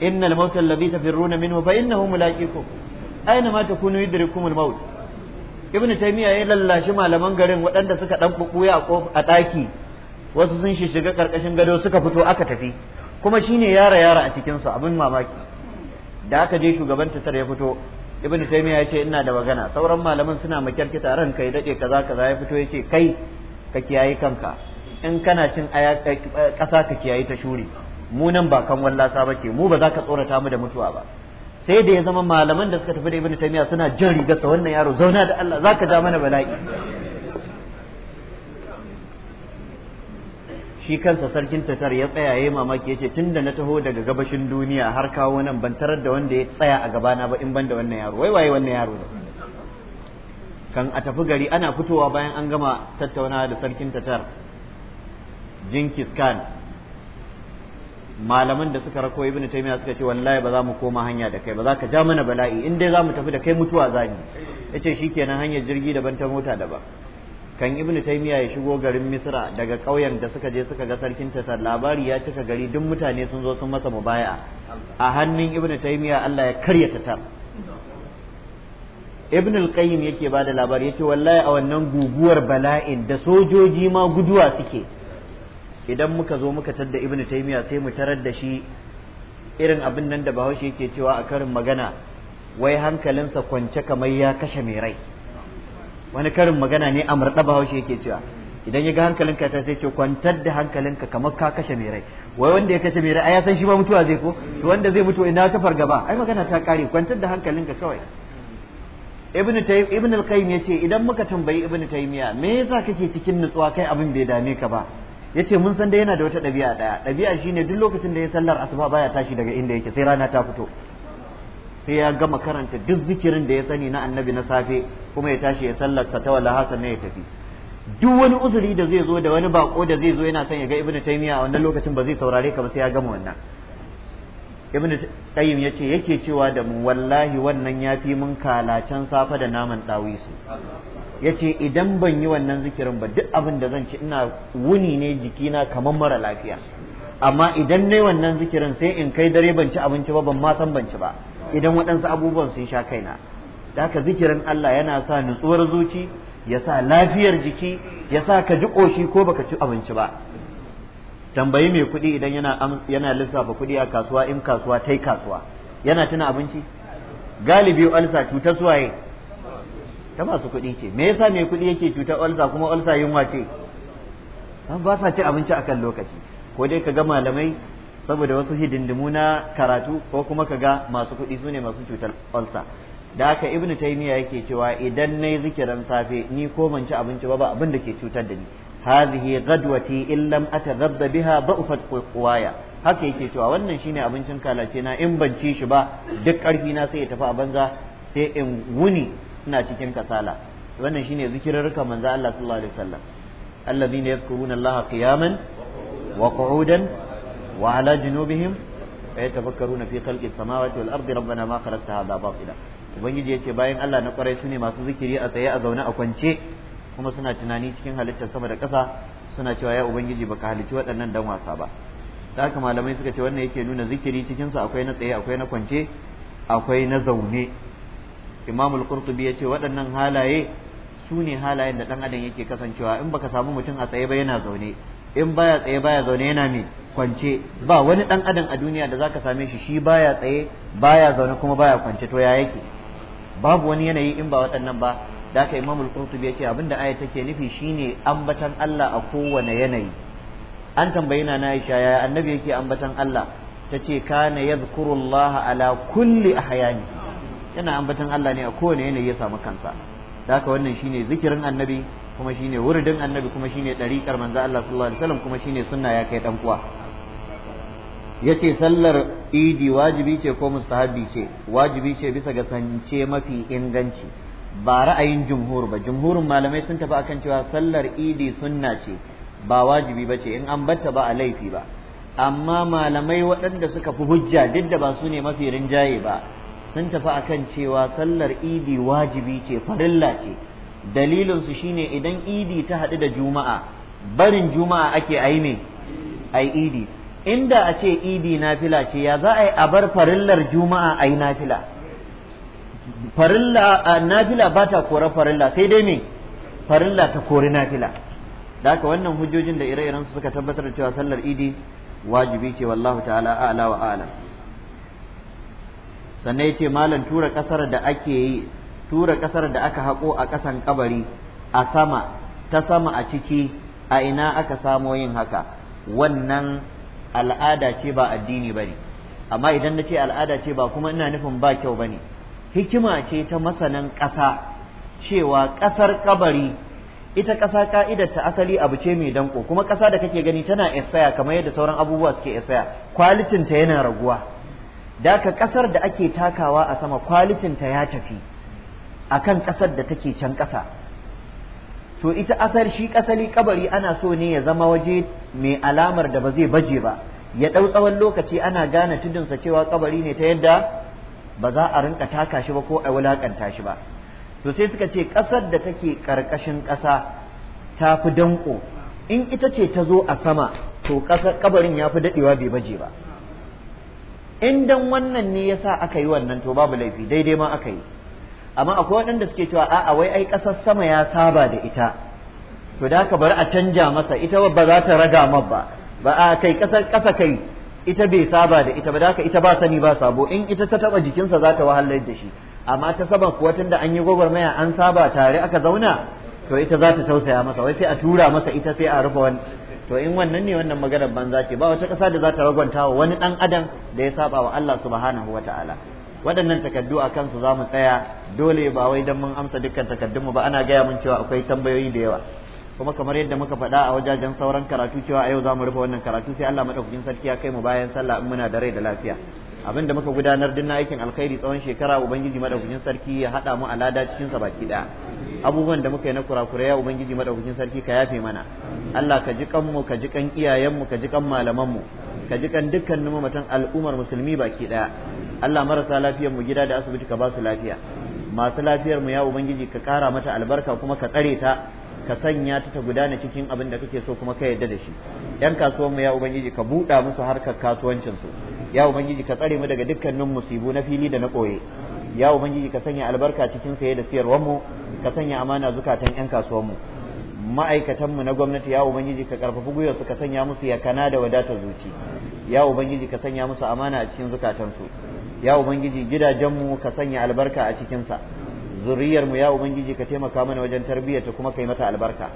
innal mautal ladhi tafirruna minhu fa innahu mulaqikum aina ma takunu yudrikumul maut ibn taymiya ya lallashi malaman garin waɗanda suka dan kubuya a ɗaki wasu sun shiga karkashin gado suka fito aka tafi kuma shine yara yara a cikin su abin mamaki da aka je shugaban tasar ya fito ibn taymiya ya ce ina da magana sauran malaman suna makyarki ran kai dade kaza kaza ya fito ya ce kai ka kiyaye kanka in kana cin aya eh, ƙasa ka kiyaye ta shuri mu nan ba kan wallasa ke mu ba za ka tsorata mu da mutuwa ba sai da ya zama malaman da suka tafi da ibnu taymiya suna jin rigarsa wannan yaro zauna da Allah zaka ja mana bala'i shi kansa sarkin tatar ya tsaya yayi mamaki yace tunda na taho daga gabashin duniya har kawo nan ban tarar da wanda ya tsaya a gabana ba in ban da wannan yaro wai waye wannan yaro ne kan a tafi gari ana fitowa bayan an gama tattaunawa da sarkin tatar jinkis khan malaman da suka rako ibnu taymiya suka ce wallahi ba za mu koma hanya da kai ba za ka ja mana bala'i in dai za mu tafi da kai mutuwa za ni yace shikenan hanyar jirgi daban ta mota daban kan ibnu taymiya ya shigo garin misra daga ƙauyen da suka je suka ga sarkin ta labari ya cika gari duk mutane sun zo sun masa mubaya a hannun ibnu taymiya Allah ya karya ta ibn al-qayyim yake bada labari yace wallahi a wannan guguwar bala'in da sojoji ma guduwa suke idan muka zo muka tadda ibn taymiya sai mu tarar da shi irin abin nan da bahaushe yake cewa a karin magana wai hankalinsa kwance kamar ya kashe mai rai wani karin magana ne a murɗa bahaushe yake cewa idan ya ga hankalinka ta sai ce kwantar da hankalinka kamar ka kashe mai rai wai wanda ya kashe mai rai ya san shi ma mutuwa zai ko to wanda zai mutu ina ta fargaba ai magana ta kare kwantar da hankalinka kawai ibn tayyib ibn al-qayyim yace idan muka tambayi ibn taymiya me yasa kake cikin nutsuwa kai abin bai dame ka ba yace mun san da yana da wata ɗabi'a ɗaya ɗabi'a shine duk lokacin da ya sallar asuba baya tashi daga inda yake sai rana ta fito sai ya gama karanta duk zikirin da ya sani na annabi na safe kuma ya tashi ya sallar sa ta wala hasan ne ya tafi duk wani uzuri da zai zo da wani bako da zai zo yana son ya ga ibnu taymiya a wannan lokacin ba zai saurare ka ba sai ya gama wannan ibn qayyim yace yake cewa da mu wallahi wannan yafi mun kalacen safa da naman dawisu yace idan ban yi wannan zikirin ba duk abin da zan ci ina wuni ne jikina kamar mara lafiya amma idan nayi wannan zikirin sai in kai dare ban ci abinci ba ban ma san ban ci ba idan waɗansu abubuwan sun sha kaina daka zikirin Allah yana sa nutsuwar zuci ya sa lafiyar jiki ya sa ka ji ƙoshi ko baka ci abinci ba tambayi mai kuɗi idan yana lissafa kuɗi a kasuwa in kasuwa ta kasuwa yana tuna abinci galibi olsa cuta suwaye ta masu kuɗi ce me yasa mai kuɗi yake cuta olsa kuma olsa yunwa ce ba sa ci abinci akan lokaci ko dai ka ga malamai saboda wasu hidindimu na karatu ko kuma ka ga masu kuɗi su ne masu cutar olsa da haka ibnu taymiya yake cewa idan nayi zikiran safe ni ko ban ci abinci ba ba abin da ke cutar da ni hadhihi gadwati in lam ataghadda biha da'ufat quwaya haka yake cewa wannan shine abincin kalace na in ban ci shi ba duk karfi na sai ya tafi a banza sai in wuni ina cikin kasala wannan shine zikirarka manzo Allah sallallahu alaihi wasallam alladhina yadhkuruna Allah qiyaman wa qu'udan wa ala junubihim yatafakkaruna fi khalqi samawati wal ardi rabbana ma khalaqta hadha batila ubangiji yace bayan Allah na kwarai sune masu zikiri a tsaye a zaune a kwance kuma suna tunani cikin halittar sama da ƙasa suna cewa ya ubangiji baka halicci waɗannan dan wasa ba da haka malamai suka ce wannan yake nuna zikiri cikinsa akwai na tsaye akwai na kwance akwai na zaune imamul qurtubi ya ce waɗannan halaye su ne halayen da dan adam yake kasancewa in baka samu mutum a tsaye ba yana zaune in baya tsaye baya zaune yana mai kwance ba wani dan adam a duniya da zaka same shi shi baya tsaye baya zaune kuma baya kwance to ya yake babu wani yanayi in ba waɗannan ba da aka imam al-qurtubi yace abinda aya take nufi shine ambatan Allah a kowane yanayi an tambayi na Aisha yaya annabi yake ambatan Allah tace kana yadhkurullaha ala kulli ahyani yana ambatan Allah ne a kowane yanayi ya samu kansa da haka wannan shine zikirin annabi kuma shine wuridin annabi kuma shine dariƙar manzo Allah sallallahu alaihi wasallam kuma shine sunna ya kai dan kuwa yace sallar idi wajibi ce ko mustahabi ce wajibi ce bisa ga sance mafi inganci ba ra'ayin jumhur ba jumhurin malamai sun tafi akan cewa sallar idi sunna ce ba wajibi ba ce in an batta ba a laifi ba amma malamai waɗanda suka fi hujja duk da ba su ne mafi rinjaye ba sun tafi akan cewa sallar idi wajibi ce farilla ce dalilinsu shine idan idi ta haɗu da juma'a barin juma'a ake ai ne ai idi inda a ce idi nafila ce ya za a yi a bar farillar juma'a ai nafila farilla nafila ba ta korar farilla sai dai me farilla ta kori nafila da haka wannan hujjojin da ire-iren su suka tabbatar da cewa sallar idi wajibi ce wallahu ta'ala a'la wa ala. sannan yace malam tura kasar da ake yi tura kasar da aka haƙo a kasan kabari a sama ta sama a ciki a ina aka samo yin haka wannan al'ada ce ba addini bane amma idan na ce al'ada ce ba kuma ina nufin ba kyau bane ne hikima ce ta masanan ƙasa cewa ƙasar kabari ita ƙasa ka'idar ta asali abu ce mai danko kuma ƙasa da kake gani tana expire kamar yadda sauran abubuwa suke expire kwalitin ta yana raguwa daka ƙasar da ake takawa a sama kwalitin ta ya tafi akan ƙasar da take can ƙasa to ita asar shi ƙasali kabari ana so ne ya zama waje mai alamar da ba zai baje ba ya ɗau tsawon lokaci ana gane tudunsa cewa kabari ne ta yadda ba za a rinka taka shi ba ko a wulakanta shi ba to sai suka ce ƙasar da take ƙarƙashin ƙasa ta fi danko in ita ce ta zo a sama to kabarin ya fi daɗewa bai baje ba in dan wannan ne yasa aka yi wannan to babu laifi daidai ma aka yi amma akwai waɗanda suke cewa a'a wai ai ƙasar sama ya saba da ita to da ka bar a canja masa ita ba za ta raga ma ba ba a kai ƙasar ƙasa kai ita bai saba da ita ba da haka ita ba sani ba sabo in ita ta taba jikinsa za ta wahalar da shi amma ta saban kuwa tunda an yi gwagwarmaya an saba tare aka zauna to ita za ta tausaya masa wai sai a tura masa ita sai a rufe wani to in wannan ne wannan maganar banza ce ba wata ƙasa da za ta ragwanta wa wani ɗan adam da ya saba wa Allah subhanahu wa ta'ala waɗannan takaddu a kansu za mu tsaya dole ba wai don mun amsa dukkan takaddunmu ba ana gaya mun cewa akwai tambayoyi da yawa kuma kamar yadda muka faɗa a wajajen sauran karatu cewa a yau za mu rufe wannan karatu sai Allah madaukakin sarki ya kai mu bayan sallah in muna da rai da lafiya abin da muka gudanar din na aikin alkhairi tsawon shekara ubangiji madaukakin sarki ya haɗa mu alada cikin sa baki ɗaya abubuwan da muka yi na kurakurai ya ubangiji madaukakin sarki ka yafe mana Allah ka ji kanmu ka ji kan iyayenmu ka ji kan malamanmu ka ji kan dukkanin mamatan al'ummar musulmi baki ɗaya Allah marasa lafiyar mu gida da asibiti ka ba su lafiya masu lafiyar mu ya ubangiji ka kara mata albarka kuma ka tsare ta ka sanya ta ta gudana cikin abin da kake so kuma ka yarda da shi yan kasuwanmu ya ubangiji ka buɗa musu harkar kasuwancin su ya ubangiji ka tsare mu daga dukkanin musibu na fili da na koye ya ubangiji ka sanya albarka cikin saye da siyarwar mu ka sanya amana zukatan yan kasuwanmu ma'aikatan mu na gwamnati ya ubangiji ka karfafi gwiwar su ka sanya musu yakana da wadatar zuci ya ubangiji ka sanya musu amana a cikin zukatan su ya ubangiji gidajenmu ka sanya albarka a cikinsa zuriyar mu ya ubangiji ka taimaka mana wajen tarbiyyar ta kuma kai mata albarka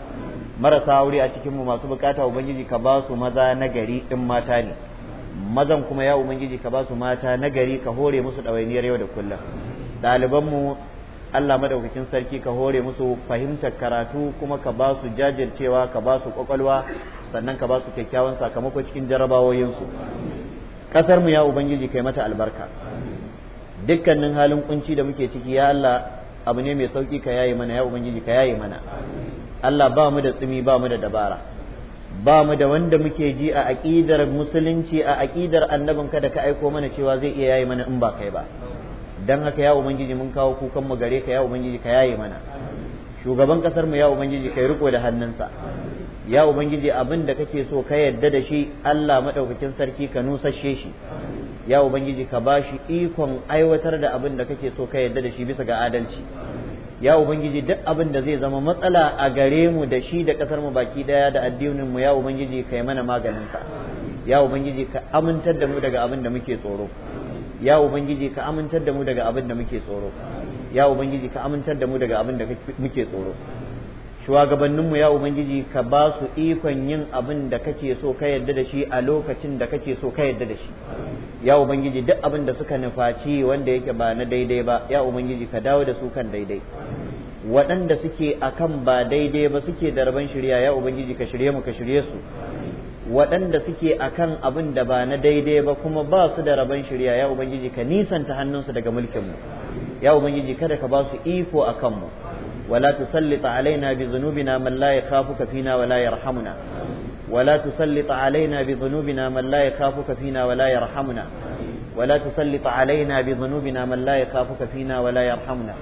marasa aure a cikin mu masu bukata ubangiji ka ba su maza na gari din mata ne mazan kuma ya ubangiji ka ba su mata na gari ka hore musu dawainiyar yau da kullum ɗaliban mu Allah madaukakin sarki ka hore musu fahimtar karatu kuma ka ba su jajircewa ka ba su kwakwalwa sannan ka ba su kyakkyawan sakamako cikin jarabawoyinsu kasar mu ya ubangiji kai mata albarka dukkanin halin kunci da muke ciki ya Allah abu ne mai sauki ka yaye mana ya ubangiji ka yaye mana Allah ba mu da tsimi ba mu da dabara ba mu da wanda muke ji a aƙidar musulunci a aƙidar annabin ka da ka aiko mana cewa zai iya yayi mana in ba kai ba dan haka ya ubangiji mun kawo kukan mu gare ka ya ubangiji ka yaye mana shugaban kasar mu ya ubangiji kai riko da hannunsa ya ubangiji abin da kake so ka yadda da shi Allah madaukakin sarki ka nusashe shi ya ubangiji ka ba shi ikon aiwatar da abin da kake so ka yarda da shi bisa ga adalci ya ubangiji duk abin da zai zama matsala a gare mu da shi da kasar mu baki daya da addinin mu ya ubangiji ka yi mana maganin ka. ya ubangiji ka amintar da mu daga abin da muke tsoro ya ubangiji ka amintar da mu daga abin da muke tsoro ya ubangiji ka amintar da mu daga abin da muke tsoro shugabanninmu ya ubangiji ka ba su ikon yin abin da kake so ka yarda da shi a lokacin da kake so ka yarda da shi ya ubangiji duk abin da suka nufaci wanda yake ba na daidai ba ya ubangiji ka dawo da su kan daidai waɗanda suke akan ba daidai ba suke da rabon shirya ya ubangiji ka shirye mu ka shirye su waɗanda suke akan abin da ba na daidai ba kuma ba su da rabon shirya ya ubangiji ka nisanta hannunsu daga mulkinmu ya ubangiji kada ka ba su iko a kanmu ولا تسلط علينا بذنوبنا من لا يخافك فينا ولا يرحمنا ولا تسلط علينا بذنوبنا من لا يخافك فينا ولا يرحمنا ولا تسلط علينا بذنوبنا من لا يخافك فينا ولا يرحمنا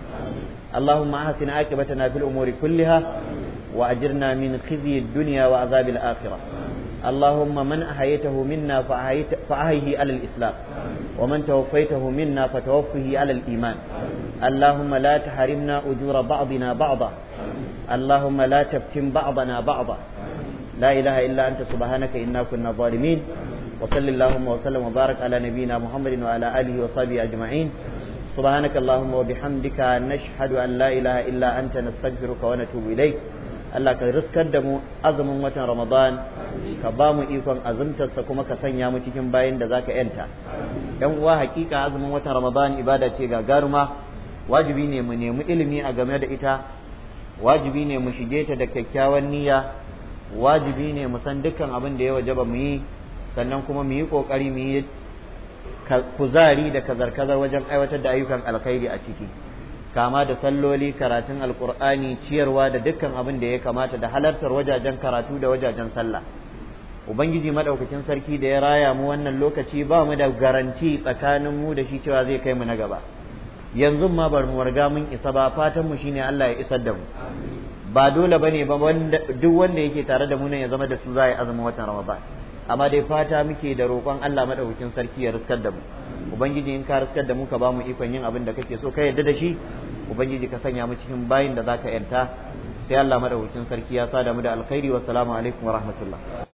اللهم أحسن عاقبتنا في الأمور كلها وأجرنا من خزي الدنيا وعذاب الآخرة اللهم من أحييته منا فأحيه على الإسلام ومن توفيته منا فتوفه على الإيمان اللهم لا تحرمنا أجور بعضنا بعضا اللهم لا تفتن بعضنا بعضا لا إله إلا أنت سبحانك إنا كنا ظالمين وصل اللهم وسلم وبارك على نبينا محمد وعلى آله وصحبه أجمعين سبحانك اللهم وبحمدك نشهد أن لا إله إلا أنت نستغفرك ونتوب إليك Allah ka riskar da mu azumin watan Ramadan ka ba mu ikon azumtarsa kuma ka sanya mu cikin bayan da zaka yanta yan uwa hakika azumin watan Ramadan ibada ce ga garuma wajibi ne mu nemi ilimi a game da ita wajibi ne mu shige ta da kyakkyawan niyya wajibi ne mu san dukkan abin da ya wajaba mu yi sannan kuma mu yi kokari mu yi kuzari da kazar-kazar wajen aiwatar da ayyukan alkhairi a ciki kama da salloli karatun alkur'ani ciyarwa da dukkan abin da ya kamata da halartar wajajen karatu da wajajen sallah ubangiji madaukakin sarki da ya raya mu wannan lokaci ba mu da garanti tsakanin mu da shi cewa zai kai mu na gaba yanzu ma bar mu warga mun isa ba fatan mu shine Allah ya isar da mu ba dole bane ba duk wanda yake tare da mu ne ya zama da su za a azumi watan ramadan amma dai fata muke da roƙon Allah madaukakin sarki ya riskar da mu ubangiji in ka riskar da mu ka ba mu ikon yin abin da kake so ka yadda da shi ubangiji ka sanya mu cikin bayin da zaka yanta sai Allah madaukakin sarki ya sada mu da alkhairi wa salamu alaikum wa rahmatullah